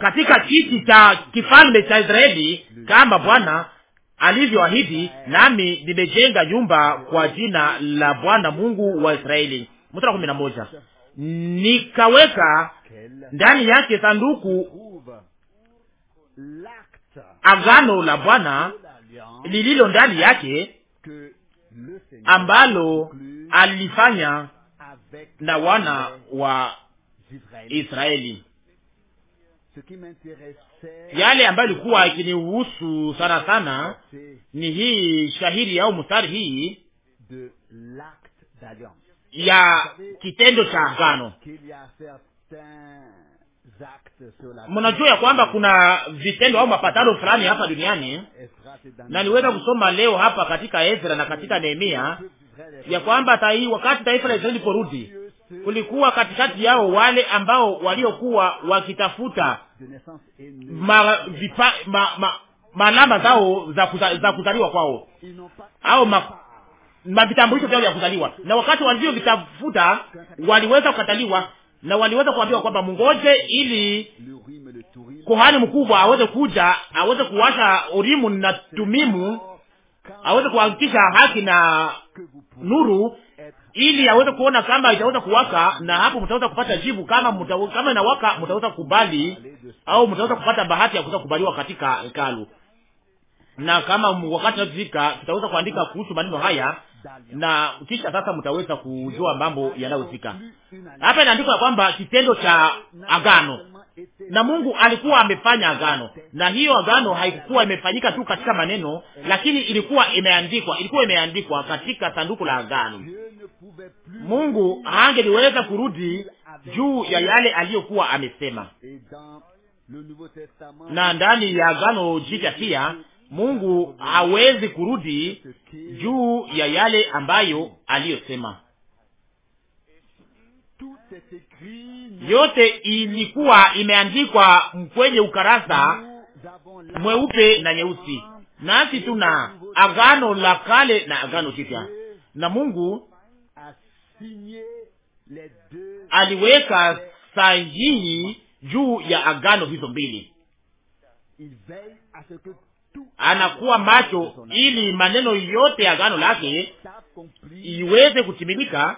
katika kiti cha kifalme cha Israeli kama Bwana alivyoahidi, nami nimejenga nyumba kwa jina la Bwana Mungu wa Israeli. Mstari kumi na moja nikaweka ndani yake sanduku agano la Bwana lililo ndani yake ambalo alifanya na wana wa Israeli. Yale ambayo ilikuwa ikinihusu sana sana ni hii shahiri au mstari hii ya kitendo cha agano Mnajua ya kwamba kuna vitendo au mapatano fulani hapa duniani, na niweza kusoma leo hapa katika Ezra na katika Nehemia ya kwamba tai, wakati taifa la Israeli liporudi kulikuwa katikati yao wale ambao waliokuwa wakitafuta ma, vipa, ma, ma, malamba zao za, kuza, za kuzaliwa kwao au ma, mavitambulisho vyao vya kuzaliwa, na wakati walivyovitafuta waliweza kukataliwa na waliweza kuambiwa kwamba mungoje ili kuhani mkubwa aweze kuja aweze kuwasha Urimu na Tumimu, aweze kuhakikisha haki na nuru, ili aweze kuona kama itaweza kuwaka, na hapo mtaweza kupata jibu kama mutaweza, kama inawaka mtaweza kukubali au mtaweza kupata bahati ya kuweza kukubaliwa katika hekalu na kama wakati utafika tutaweza kuandika kuhusu maneno haya, na kisha sasa mtaweza kujua mambo yanayofika hapa. Inaandikwa kwamba kitendo cha agano na Mungu alikuwa amefanya agano, na hiyo agano haikuwa imefanyika tu katika maneno, lakini ilikuwa imeandikwa, ilikuwa imeandikwa katika sanduku la agano. Mungu hangeliweza kurudi juu ya yale aliyokuwa amesema, na ndani ya agano jipya pia Mungu hawezi kurudi juu ya yale ambayo aliyosema. Yote ilikuwa imeandikwa kwenye ukarasa mweupe na nyeusi, nasi tuna agano la kale na agano jipya, na Mungu aliweka sahihi juu ya agano hizo mbili anakuwa macho, ili maneno yote ya gano lake iweze kutimilika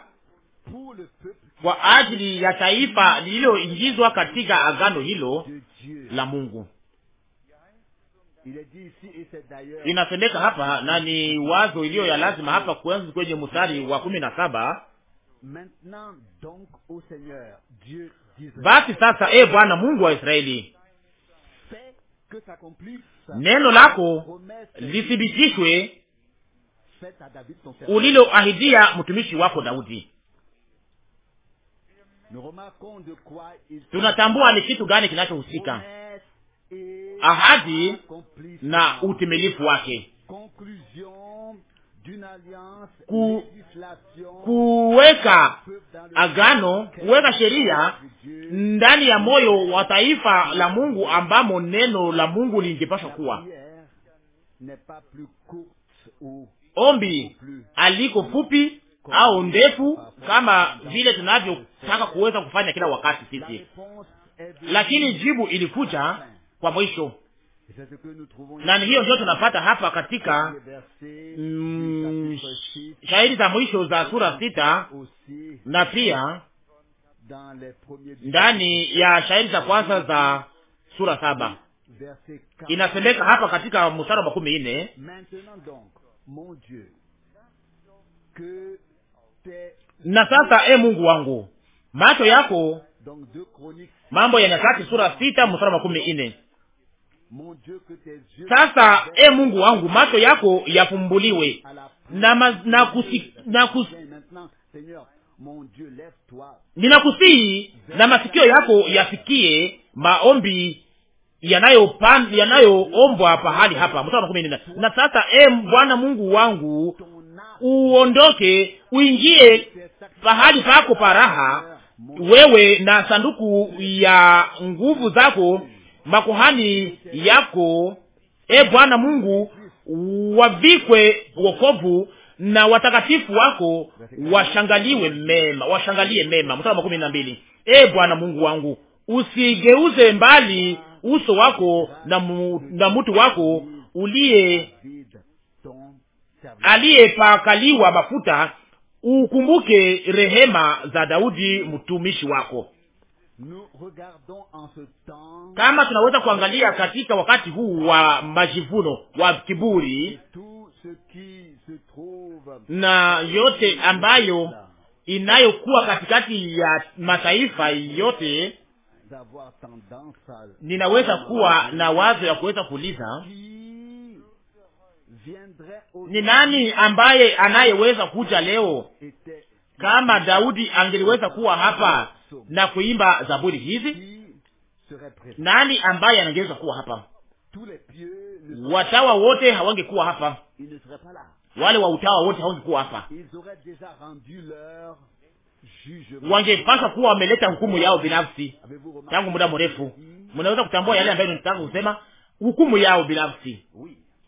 kwa ajili ya taifa lililoingizwa katika agano hilo la Mungu. Inasemeka hapa na ni wazo iliyo ya lazima hapa kwenzi kwenye mstari wa kumi na saba. Basi sasa, e Bwana Mungu wa Israeli, neno lako lithibitishwe uliloahidia mtumishi wako Daudi. Tunatambua ni kitu gani kinachohusika ahadi na utimilifu wake, ku, kuweka agano, kuweka sheria ndani ya moyo wa taifa la Mungu ambamo neno la Mungu lingepaswa kuwa. Ombi aliko fupi au ndefu kama vile tunavyotaka kuweza kufanya kila wakati sisi, lakini jibu ilikuja kwa mwisho na hiyo ndio tunapata hapa katika shairi mm, shahidi za mwisho za sura sita na pia ndani ya shahidi za kwanza za sura saba inasemeka hapa katika mstari wa makumi nne na sasa e Mungu wangu macho yako. Mambo ya Nyakati sura sita mstari wa makumi nne sasa e Mungu wangu, macho yako yafumbuliwe na, na, kusi, na kus... ninakusihi na masikio yako yasikie maombi yanayoombwa yanayo pahali hapa. na Na sasa e Bwana Mungu wangu, uondoke uingie pahali pako paraha, wewe na sanduku ya nguvu zako makuhani yako, e Bwana Mungu, wavikwe wokovu na watakatifu wako washangaliwe mema, washangalie mema. Mstari wa kumi na mbili. E Bwana Mungu wangu, usigeuze mbali uso wako na, mu, na mutu wako uliye aliyepakaliwa mafuta, ukumbuke rehema za Daudi mtumishi wako. Kama tunaweza kuangalia katika wakati huu wa majivuno wa kiburi na yote ambayo inayokuwa katikati ya mataifa yote, ninaweza kuwa na wazo ya kuweza kuuliza ni nani ambaye anayeweza kuja leo? Kama Daudi angeliweza kuwa hapa na kuimba zaburi hizi. Nani ambaye anangeweza kuwa hapa? Watawa wote hawangekuwa hapa, wale wa utawa wote hawangekuwa hapa, wangepaswa kuwa wameleta hukumu yao binafsi tangu muda mrefu. Mnaweza kutambua yale ambayo nitaka kusema, hukumu yao binafsi,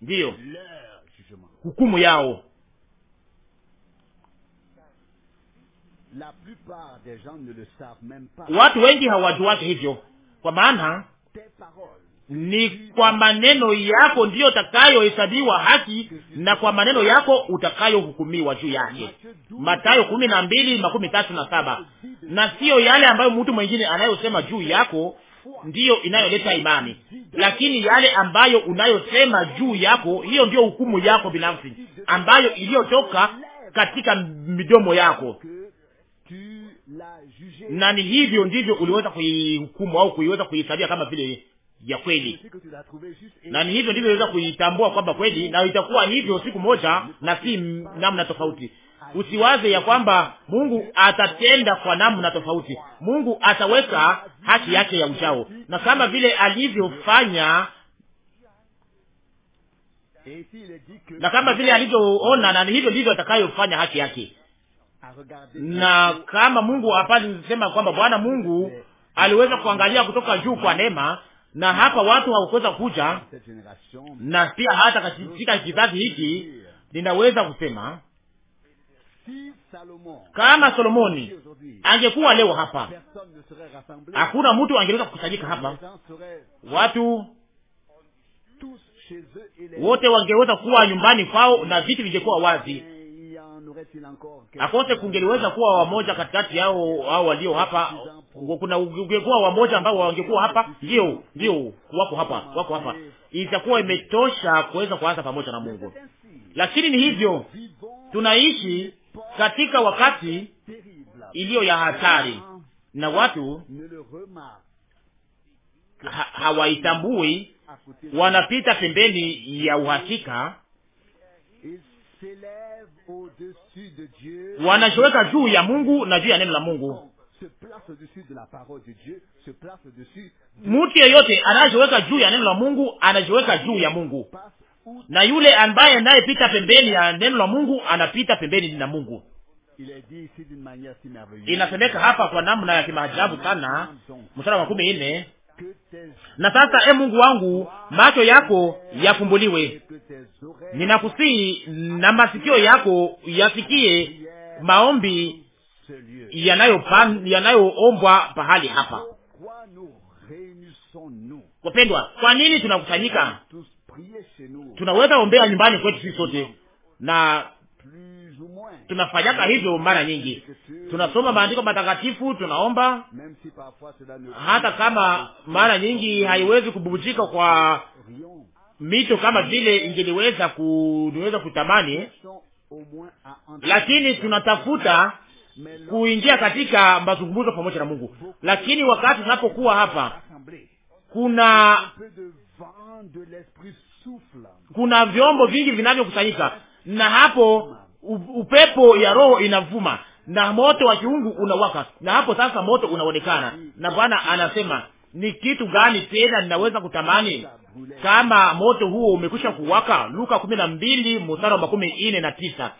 ndiyo hukumu yao Watu wengi hawajuwake hivyo, kwa maana ni kwa maneno yako ndiyo utakayohesabiwa haki na kwa maneno yako utakayohukumiwa juu yake. Mathayo kumi na mbili makumi tatu na saba. Na siyo yale ambayo mtu mwingine anayosema juu yako ndiyo inayoleta imani, lakini yale ambayo unayosema juu yako, hiyo ndiyo hukumu yako binafsi ambayo iliyotoka katika midomo yako na ni hivyo ndivyo uliweza kuihukumu au kuiweza kuihesabia kama vile ya kweli, na ni hivyo ndivyo uliweza kuitambua kwamba kweli, na itakuwa hivyo siku moja na si namna tofauti. Usiwaze ya kwamba Mungu atatenda kwa namna tofauti. Mungu ataweka haki yake ya ujao, na kama vile alivyofanya na kama vile alivyoona, na hivyo ndivyo atakayofanya haki yake na kama Mungu hapa nisema kwamba Bwana Mungu aliweza kuangalia kutoka juu kwa neema, na hapa watu hawakuweza kuja, na pia hata katika kizazi hiki ninaweza kusema kama Solomoni angekuwa leo hapa, hakuna mtu angeweza kukusanyika hapa. Watu wote wangeweza kuwa nyumbani kwao na viti vingekuwa wazi akose kungeliweza kuwa wamoja katikati yao au walio hapa, kuna ungekuwa wamoja ambao wangekuwa hapa. Ndio, ndio, wako hapa, wako hapa, itakuwa imetosha kuweza kuanza pamoja na Mungu. Lakini ni hivyo, tunaishi katika wakati iliyo ya hatari na watu ha hawaitambui, wanapita pembeni ya uhakika wanajiweka juu ya Mungu na juu ya neno la Mungu. Mtu yeyote anayeshoweka juu ya neno la Mungu anajiweka juu ya Mungu, na yule ambaye anayepita pembeni ya neno la Mungu anapita pembeni na Mungu. Inasemeka hapa kwa namna ya kimaajabu sana, mstari wa kumi nne na sasa, e Mungu wangu, macho yako yafumbuliwe, ninakusihi, na masikio yako yasikie maombi yanayoombwa yanayo pahali hapa. Wapendwa, kwa nini tunakusanyika? Tunaweza ombea nyumbani kwetu sisi sote, na tunafanyaka hivyo mara nyingi, tunasoma maandiko matakatifu, tunaomba, hata kama mara nyingi haiwezi kububujika kwa mito kama vile ingeliweza kuniweza kutamani, lakini tunatafuta kuingia katika mazungumzo pamoja na Mungu. Lakini wakati tunapokuwa hapa, kuna kuna vyombo vingi vinavyokusanyika, na hapo upepo ya roho inavuma na moto wa kiungu unawaka, na hapo sasa moto unaonekana. Na Bwana anasema ni kitu gani tena ninaweza kutamani kama moto huo umekwisha kuwaka? Luka kumi na mbili mstari wa makumi nne na tisa.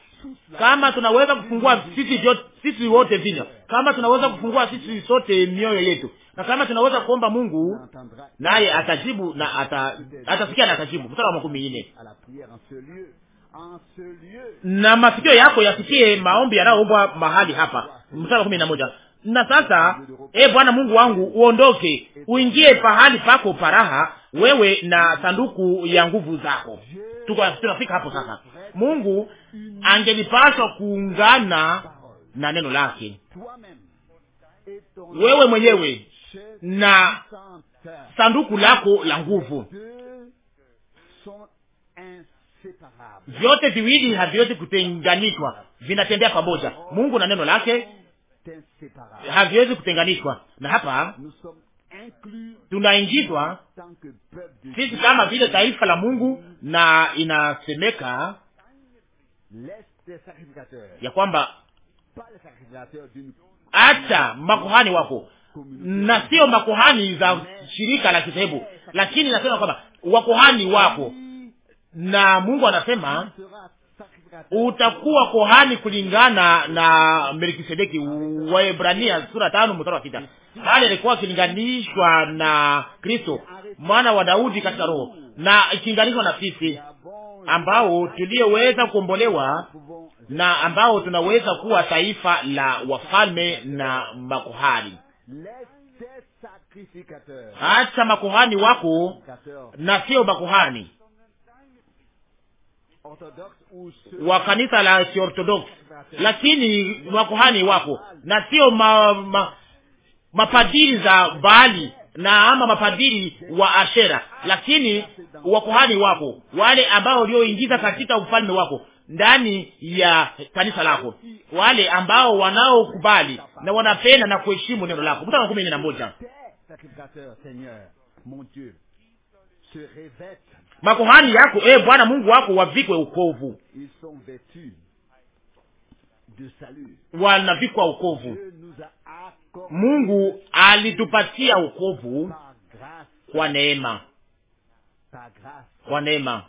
Kama tunaweza kufungua sisi jo, sisi wote vinywa, kama tunaweza kufungua sisi sote mioyo yetu, na kama tunaweza kuomba Mungu naye atajibu na ata, atasikia na atajibu. Mstari wa makumi nne na masikio yako yasikie maombi yanayoombwa mahali hapa. Mstari kumi na moja. Na sasa e Bwana Mungu wangu, uondoke uingie pahali pako paraha, wewe na sanduku ya nguvu zako. Tuko tunafika hapo sasa. Mungu angelipaswa kuungana na neno lake, wewe mwenyewe na sanduku lako la nguvu vyote viwili haviwezi kutenganishwa, vinatembea pamoja. Mungu na neno lake haviwezi kutenganishwa, na hapa tunaingizwa sisi kama vile taifa la Mungu, na inasemeka ya kwamba hata makuhani wako na sio makuhani za shirika la kisehebu, lakini nasema kwamba wakuhani wako na Mungu anasema utakuwa kohani kulingana na Melkisedeki, Waebrania sura tano mstari wa sita. Hali alikuwa akilinganishwa na Kristo mwana wa Daudi katika roho na ikilinganishwa na sisi ambao tuliyoweza kuombolewa na ambao tunaweza kuwa taifa la wafalme na makuhani. Acha makuhani wako na sio makuhani wa kanisa la kiorthodoksi, lakini makuhani wako na sio ma, ma, mapadiri za Baali na ama mapadiri wa Ashera, lakini wakuhani wako wale ambao walioingiza katika ufalme wako ndani ya kanisa lako, wale ambao wanaokubali na wanapenda na kuheshimu neno lako. Mstari wa kumi na moja makuhani yako eh, Bwana Mungu wako wavikwe ukovu, wanavikwa ukovu. Mungu alitupatia ukovu kwa neema, kwa neema,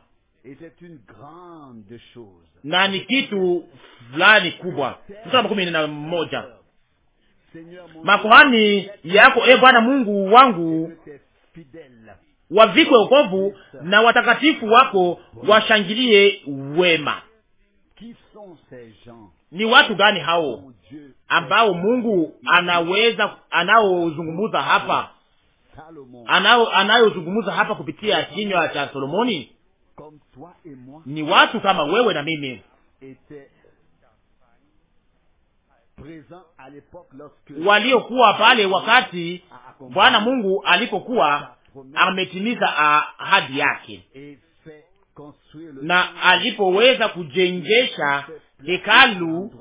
na ni kitu fulani kubwa. makumi na moja makuhani yako e Bwana Mungu wangu wavikwe ukovu na watakatifu wako washangilie wema. Ni watu gani hao oh, ambao Mungu anaweza anaozungumza hapa anao anayozungumza hapa kupitia kinywa cha Solomoni? Ni watu kama wewe na mimi waliokuwa pale wakati Bwana Mungu alipokuwa ametimiza ah, ahadi yake, na alipoweza kujengesha hekalu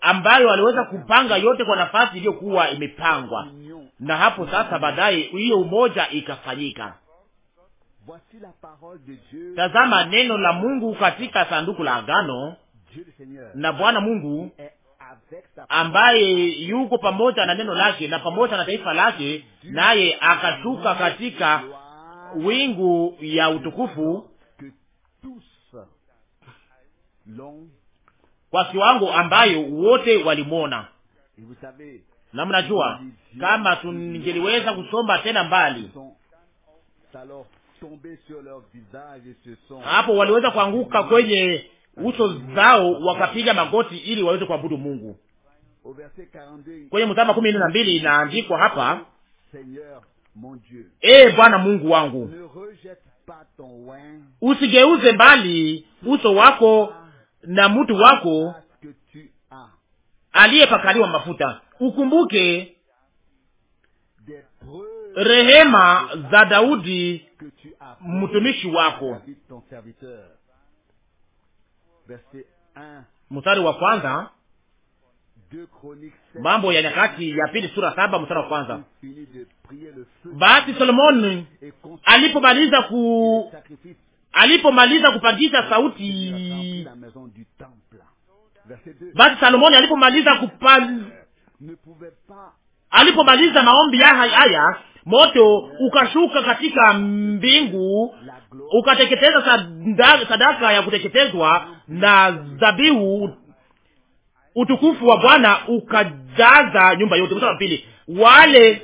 ambayo aliweza kupanga yote kwa nafasi iliyokuwa imepangwa, na hapo sasa baadaye hiyo umoja ikafanyika. Tazama neno la Mungu katika sanduku la agano, na Bwana Mungu ambaye yuko pamoja na neno lake na pamoja na taifa lake, naye akashuka katika wingu ya utukufu kwa kiwango ambayo wote walimwona. Na mnajua kama tungeliweza kusomba tena mbali hapo, waliweza kuanguka kwenye uso zao wakapiga magoti ili waweze kuabudu Mungu. Kwenye mstari makumi nne na mbili inaandikwa hapa, e Bwana Mungu wangu, usigeuze mbali uso wako na mtu wako aliyepakaliwa mafuta, ukumbuke rehema za Daudi mtumishi wako mstari wa kwanza Mambo ya Nyakati ya Pili sura saba mstari wa kwanza. Basi Solomoni alipomaliza ku alipomaliza kupandisha sauti, basi Salomoni alipomaliza kupand alipomaliza maombi haya moto ukashuka katika mbingu ukateketeza sadaka ya kuteketezwa na dhabihu. Utukufu wa Bwana ukajaza nyumba yote. Mstari wa pili, wale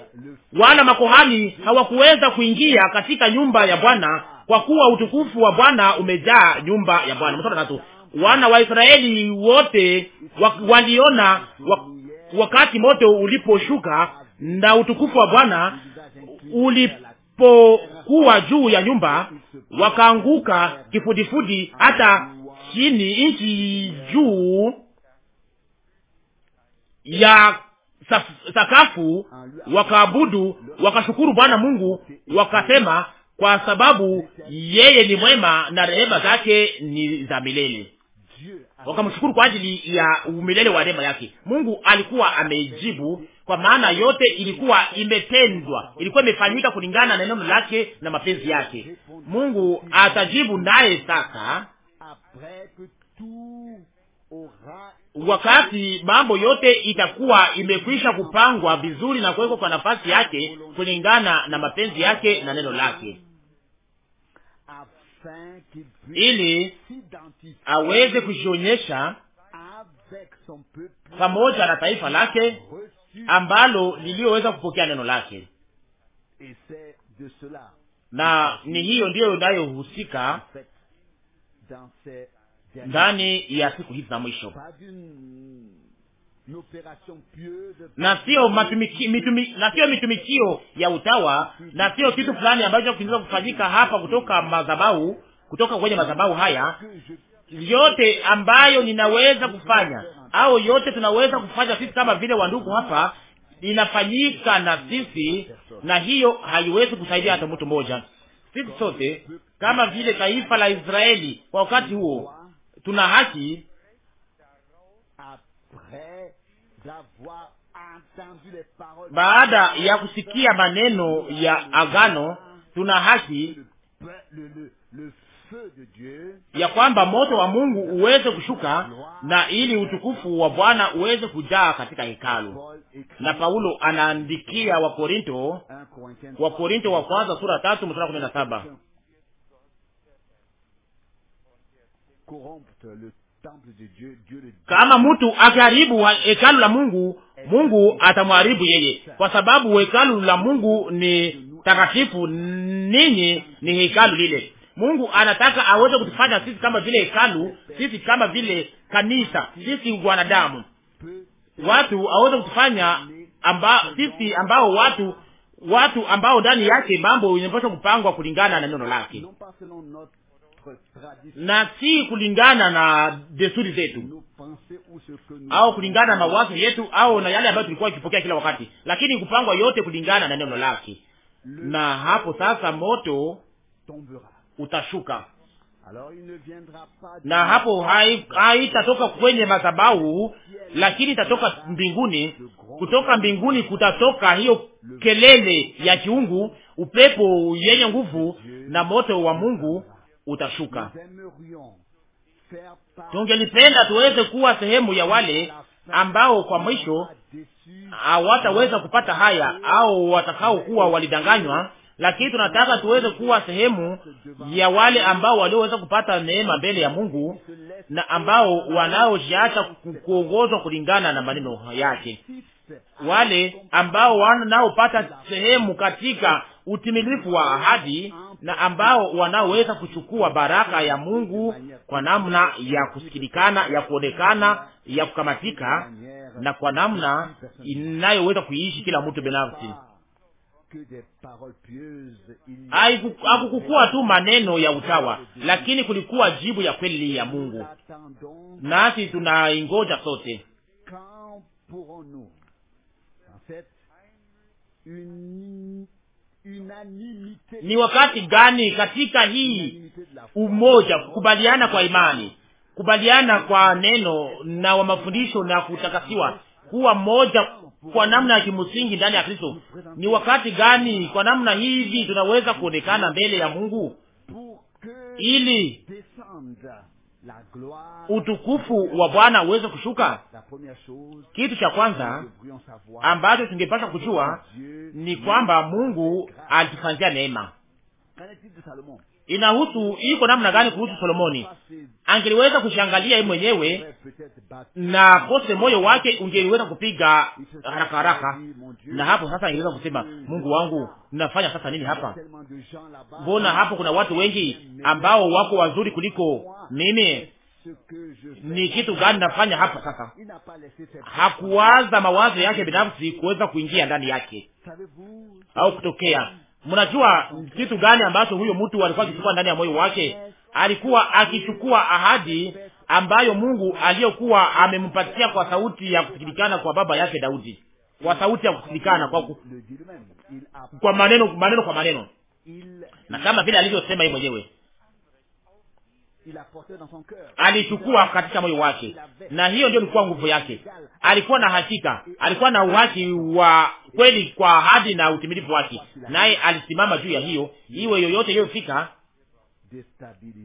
wala makohani hawakuweza kuingia katika nyumba ya Bwana kwa kuwa utukufu wa Bwana umejaa nyumba ya Bwana. Mstari wa tatu, wana wa Israeli wote waliona wakati moto uliposhuka na utukufu wa Bwana ulipokuwa juu ya nyumba, wakaanguka kifudifudi hata chini, nchi juu ya sakafu, wakaabudu wakashukuru Bwana Mungu, wakasema kwa sababu yeye ni mwema na rehema zake ni za milele. Wakamshukuru kwa ajili ya umilele wa rehema yake. Mungu alikuwa amejibu kwa maana yote ilikuwa imetendwa, ilikuwa imefanyika kulingana na neno lake na mapenzi yake. Mungu atajibu naye sasa, wakati mambo yote itakuwa imekwisha kupangwa vizuri na kuwekwa kwa nafasi yake kulingana na mapenzi yake na neno lake ili aweze kujionyesha pamoja na taifa lake ambalo liliyoweza kupokea neno lake, na ni hiyo ndiyo inayohusika ndani ya siku hizi za mwisho na sio mitumikio ya utawa, na sio kitu fulani ambacho kinaweza kufanyika hapa kutoka madhabahu, kutoka kwenye madhabahu haya. Yote ambayo ninaweza kufanya au yote tunaweza kufanya sisi kama vile wandugu hapa, inafanyika na sisi, na hiyo haiwezi kusaidia hata mtu mmoja. Sisi sote kama vile taifa la Israeli kwa wakati huo, tuna haki baada ya kusikia maneno ya agano, tuna haki ya kwamba moto wa Mungu uweze kushuka na ili utukufu wa Bwana uweze kujaa katika hekalu. Na Paulo anaandikia Wakorinto, Wakorinto wa kwanza sura tatu mstari kumi na saba kama mtu akiharibu hekalu la Mungu, Mungu atamharibu yeye, kwa sababu hekalu la Mungu ni takatifu, ninyi ni hekalu lile. Mungu anataka aweze kutufanya sisi kama vile hekalu, sisi kama vile kanisa, sisi wanadamu, watu aweze kutufanya amba, sisi ambao watu watu ambao ndani yake mambo inapaswa kupangwa kulingana na neno lake na si kulingana na desturi zetu au kulingana na mawazo yetu au na yale ambayo tulikuwa ikipokea kila wakati, lakini kupangwa yote kulingana na neno lake. Na hapo sasa moto utashuka na hapo haitatoka hai kwenye madhabahu, lakini itatoka mbinguni. Kutoka mbinguni kutatoka hiyo kelele ya kiungu, upepo yenye nguvu na moto wa Mungu utashuka. Tungelipenda tuweze kuwa sehemu ya wale ambao kwa mwisho hawataweza kupata haya, au watakaokuwa walidanganywa lakini tunataka tuweze kuwa sehemu ya wale ambao walioweza kupata neema mbele ya Mungu na ambao wanaojiacha kuongozwa kulingana na maneno yake, wale ambao wanaopata sehemu katika utimilifu wa ahadi na ambao wanaoweza kuchukua baraka ya Mungu kwa namna ya kusikilikana, ya kuonekana, ya kukamatika na kwa namna inayoweza kuiishi kila mtu binafsi hakukukuwa tu maneno ya utawa, lakini kulikuwa jibu ya kweli ya Mungu, nasi tunaingoja sote. Ni wakati gani katika hii umoja, kukubaliana kwa imani, kubaliana kwa neno na wa mafundisho na kutakasiwa kuwa moja kwa namna ya kimsingi ndani ya Kristo. Ni wakati gani kwa namna hivi tunaweza kuonekana mbele ya Mungu ili utukufu wa Bwana uweze kushuka. Kitu cha kwanza ambacho tungepasha kujua ni kwamba Mungu alitufanyia neema inahusu iko namna gani kuhusu Solomoni. Angeliweza kushangalia yeye mwenyewe na kose moyo wake ungeliweza kupiga haraka haraka, na hapo sasa angeliweza kusema, Mungu wangu, nafanya sasa nini hapa? Mbona hapo kuna watu wengi ambao wako wazuri kuliko mimi? Ni kitu gani nafanya hapa sasa? Hakuwaza mawazo yake binafsi kuweza kuingia ndani yake au kutokea Mnajua kitu gani ambacho huyo mtu alikuwa akichukua ndani ya moyo wake? Alikuwa akichukua ahadi ambayo Mungu aliyokuwa amempatia kwa sauti ya kusikilikana kwa baba yake Daudi, kwa sauti ya kusikilikana kwa, ku... kwa maneno maneno kwa maneno, na kama vile alivyosema yeye mwenyewe alichukua katika moyo wake, na hiyo ndio ilikuwa nguvu yake. Alikuwa na hakika, alikuwa na uhaki wa kweli kwa ahadi na utimilifu wake, naye alisimama juu ya hiyo. Iwe yoyote iliyofika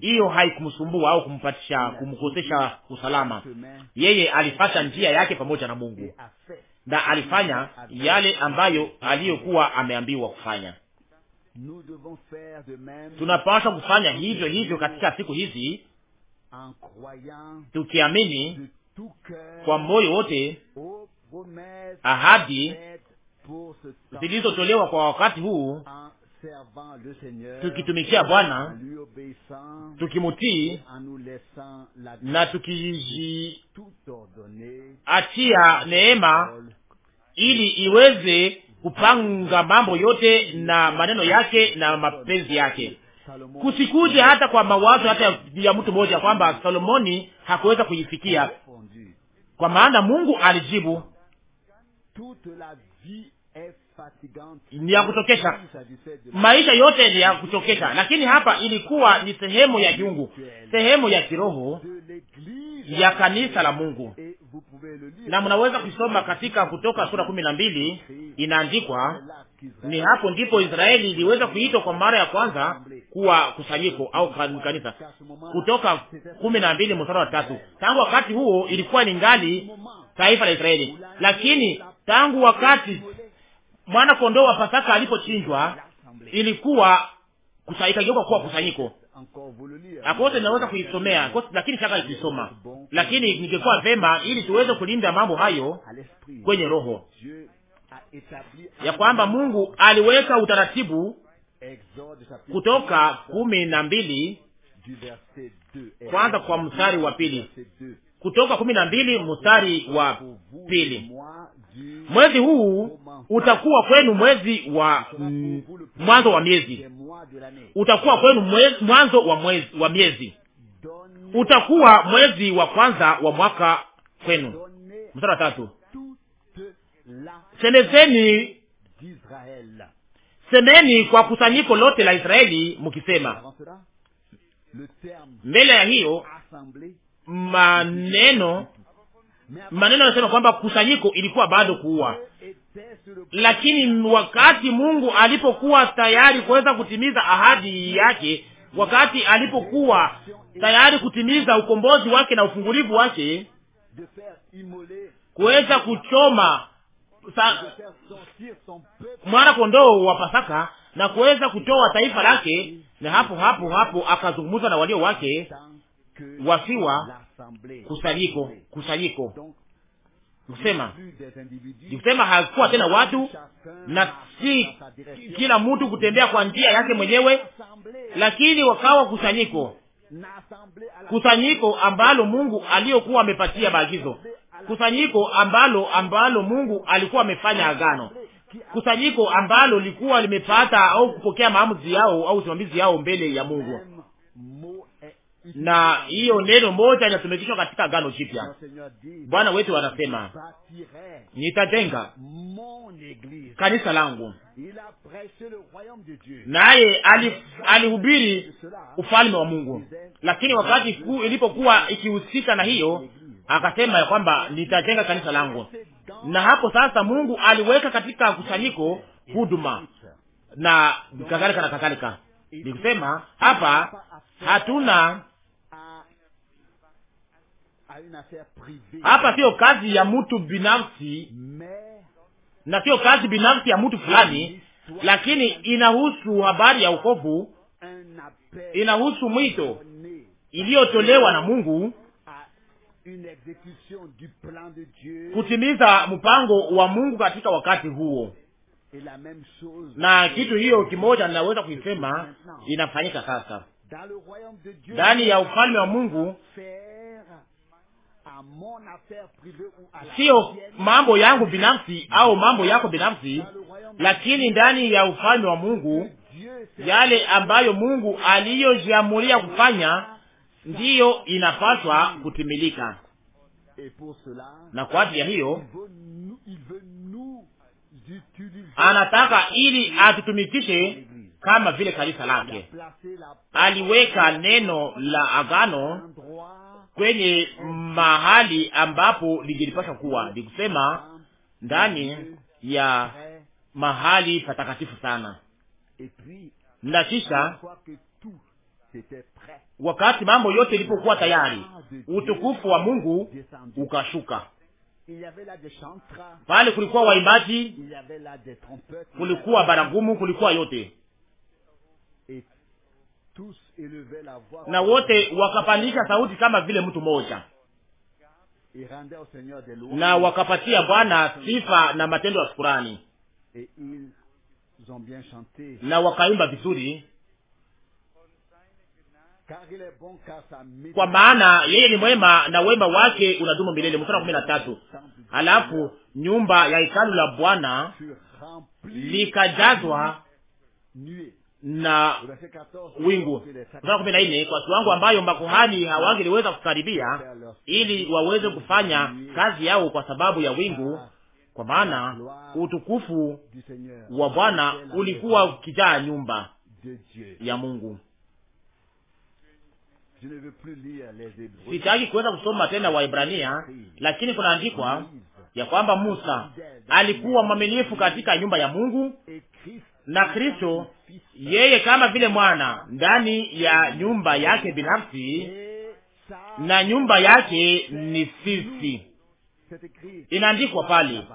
hiyo haikumsumbua au kumpatisha kumkosesha usalama. Yeye alifata njia yake pamoja na Mungu na alifanya yale ambayo aliyokuwa ameambiwa kufanya tunapaswa kufanya hivyo hivyo katika siku hizi, tukiamini kwa moyo wote ahadi zilizotolewa kwa wakati huu, tukitumikia Bwana, tukimutii na tukijiachia neema ili iweze kupanga mambo yote na maneno yake na mapenzi yake, kusikuje hata kwa mawazo hata ya mtu mmoja kwamba Solomoni hakuweza kuifikia, kwa maana Mungu alijibu ni ya kuchokesha, maisha yote ni ya kuchokesha. Lakini hapa ilikuwa ni sehemu ya jungu, sehemu ya kiroho ya kanisa la Mungu, na mnaweza kusoma katika Kutoka sura kumi na mbili inaandikwa ni hapo ndipo Israeli iliweza kuitwa kwa mara ya kwanza kuwa kusanyiko au kanisa. Kutoka kumi na mbili mstari wa tatu. Tangu wakati huo ilikuwa ni ngali taifa la Israeli, lakini tangu wakati mwana kondoo wa Pasaka alipochinjwa ilikuwa ikaigeuka kuwa kusanyiko. Akose naweza kuisomea akose, lakini shaka ikuisoma, lakini ningekuwa vema ili tuweze kulinda mambo hayo kwenye roho ya kwamba Mungu aliweka utaratibu kutoka kumi na mbili kwanza kwa mstari wa pili kutoka kumi na mbili mstari wa pili Mwezi huu utakuwa kwenu mwezi wa mm, mwanzo wa miezi, utakuwa kwenu mwezi, mwanzo wa mwezi, wa miezi, utakuwa mwezi wa kwanza wa mwaka kwenu. Mstari wa tatu, semezeni semeni kwa kusanyiko lote la Israeli mkisema. Mbele ya hiyo maneno Maneno yanasema kwamba kusanyiko ilikuwa bado kuua, lakini wakati Mungu alipokuwa tayari kuweza kutimiza ahadi yake, wakati alipokuwa tayari kutimiza ukombozi wake na ufungulivu wake, kuweza kuchoma mwana kondoo wa Pasaka na kuweza kutoa taifa lake, na hapo hapo hapo akazungumza na walio wake wasiwa kusanyiko kusanyiko kusema kusema hakuwa tena watu na si kila mtu kutembea kwa njia yake mwenyewe, lakini wakawa kusanyiko, kusanyiko ambalo Mungu aliyokuwa amepatia maagizo, kusanyiko ambalo ambalo Mungu alikuwa amefanya agano, kusanyiko ambalo lilikuwa limepata au kupokea maamuzi yao au usimamizi yao mbele ya Mungu na hiyo neno moja inatumikishwa katika gano Jipya. Bwana wetu anasema nitajenga kanisa langu, naye alihubiri ufalme wa Mungu. Lakini wakati ilipokuwa ikihusika na hiyo, akasema ya kwamba nitajenga kanisa langu, na hapo sasa Mungu aliweka katika kusanyiko huduma na kadhalika na kadhalika. Nikusema hapa hatuna hapa siyo kazi ya mtu binafsi na siyo kazi binafsi ya mtu fulani, lakini inahusu habari ya ukovu, inahusu mwito iliyotolewa na Mungu kutimiza mpango wa Mungu katika wakati huo, na kitu hiyo kimoja ninaweza kuisema inafanyika sasa ndani ya ufalme wa Mungu sio mambo yangu binafsi au mambo yako binafsi, lakini ndani ya ufalme wa Mungu yale ambayo Mungu aliyojiamulia kufanya ndiyo inapaswa kutimilika, na kwa ajili ya hiyo anataka ili atutumikishe kama vile kanisa lake. Aliweka neno la agano kwenye mahali ambapo lingelipasha kuwa, ni kusema ndani ya mahali patakatifu sana. Na kisha wakati mambo yote ilipokuwa tayari, utukufu wa Mungu ukashuka pale. Kulikuwa waimbaji, kulikuwa baragumu, kulikuwa yote na wote wakapandisha sauti kama vile mtu mmoja, na wakapatia Bwana sifa na matendo ya shukurani, na wakaimba vizuri, kwa maana yeye ni mwema na wema wake unadumu milele. Mstari kumi na tatu. Halafu nyumba ya hekalu la Bwana likajazwa na wingu kumi na nne kwa kiwango ambayo makuhani hawangeliweza kukaribia ili waweze kufanya kazi yao kwa sababu ya wingu, kwa maana utukufu wa Bwana ulikuwa ukijaa nyumba ya Mungu. Sitaki kuweza kusoma tena waibrania lakini kunaandikwa ya kwamba Musa alikuwa mwaminifu katika nyumba ya Mungu na Kristo yeye kama vile mwana ndani ya nyumba yake binafsi, na nyumba yake ni sisi. Inaandikwa pale,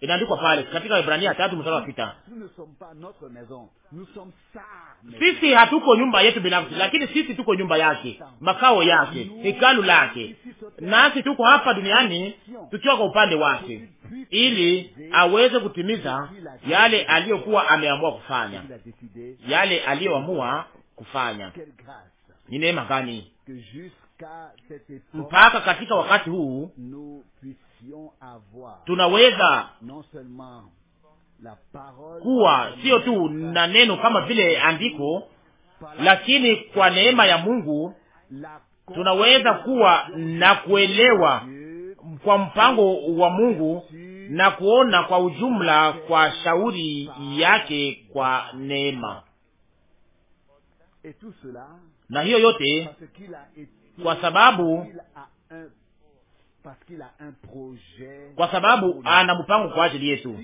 inaandikwa pale katika Ibrania tatu mstari wa sita. Sisi hatuko nyumba yetu binafsi, lakini sisi tuko nyumba yake, makao yake, hekalu lake, nasi tuko hapa duniani tukiwa kwa upande wake, ili aweze kutimiza yale aliyokuwa ameamua kufanya, yale aliyoamua kufanya. Ni neema gani mpaka katika wakati huu tunaweza kuwa sio tu na neno kama vile andiko, lakini kwa neema ya Mungu tunaweza kuwa na kuelewa kwa mpango wa Mungu na kuona kwa ujumla kwa shauri yake kwa neema. Na hiyo yote kwa sababu kwa sababu ana mpango kwa ajili yetu.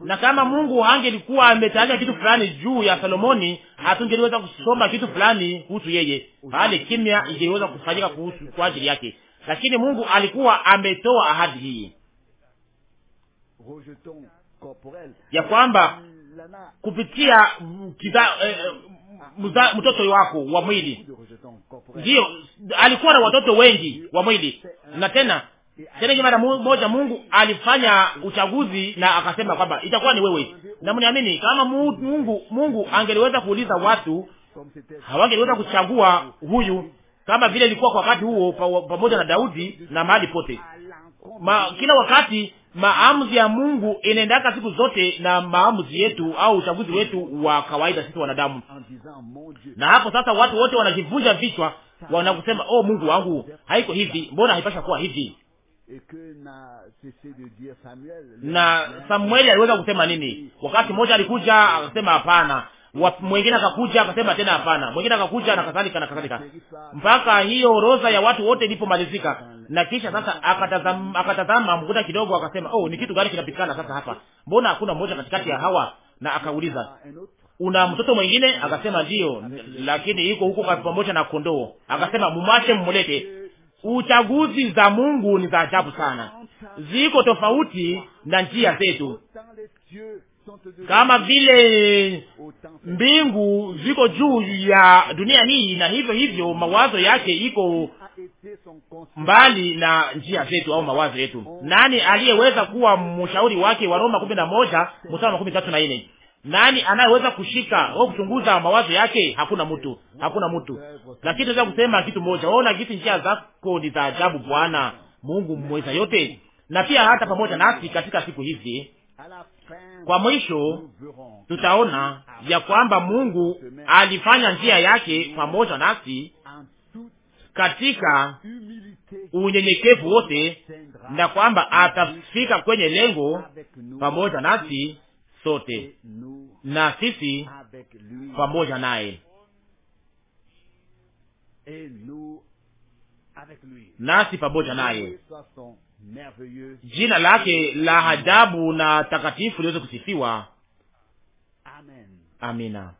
Na kama Mungu hangelikuwa ametaja kitu fulani juu ya Salomoni, hatungeliweza kusoma kitu fulani kuhusu yeye, bali kimya ingeliweza kufanyika kuhusu kwa ajili yake. Lakini Mungu alikuwa ametoa ahadi hii ya kwamba kupitia eh, eh mza, mtoto wako wa mwili. Ndiyo, alikuwa na watoto wengi wa mwili, na tena tena mara moja Mungu alifanya uchaguzi na akasema kwamba itakuwa ni wewe, na mniamini, kama Mungu Mungu angeliweza kuuliza watu, hawangeliweza kuchagua huyu, kama vile ilikuwa kwa wakati huo pamoja na Daudi na mahali pote ma, kila wakati maamuzi ya Mungu inaendaka siku zote na maamuzi yetu au uchaguzi wetu wa kawaida sisi wanadamu. Na hapo sasa, watu wote wanajivunja vichwa, wanakusema oh, Mungu wangu, haiko hivi, mbona haipasha kuwa hivi? Na Samueli aliweza kusema nini? Wakati mmoja alikuja akasema, hapana, mwingine akakuja akasema tena hapana, mwingine akakuja na kadhalika na kadhalika, mpaka hiyo orodha ya watu wote ilipomalizika. Na kisha sasa akatazama, akatazama mkuta kidogo, akasema oh, ni kitu gani kinapikana sasa hapa? Mbona hakuna mmoja katikati ya hawa? Na akauliza una mtoto mwingine? Akasema ndio, lakini yuko huko pamoja na kondoo. Akasema mumache, mmulete. Uchaguzi za Mungu ni za ajabu sana, ziko tofauti na njia zetu kama vile mbingu ziko juu ya dunia hii, na hivyo hivyo mawazo yake iko mbali na njia zetu au mawazo yetu. Nani aliyeweza kuwa mshauri wake? wa Roma kumi na moja mstari makumi tatu na nne. Nani anayeweza kushika au kuchunguza mawazo yake? Hakuna mtu, hakuna mtu. Lakini naweza kusema kitu moja, waona jinsi njia zako ni za ajabu, Bwana Mungu mweza yote, na pia hata pamoja nasi katika siku hizi kwa mwisho tutaona ya kwamba Mungu alifanya njia yake pamoja nasi katika unyenyekevu wote, na kwamba atafika kwenye lengo pamoja nasi sote na sisi pamoja naye nasi pamoja naye Jina lake la hajabu na takatifu liweze kusifiwa. Amina.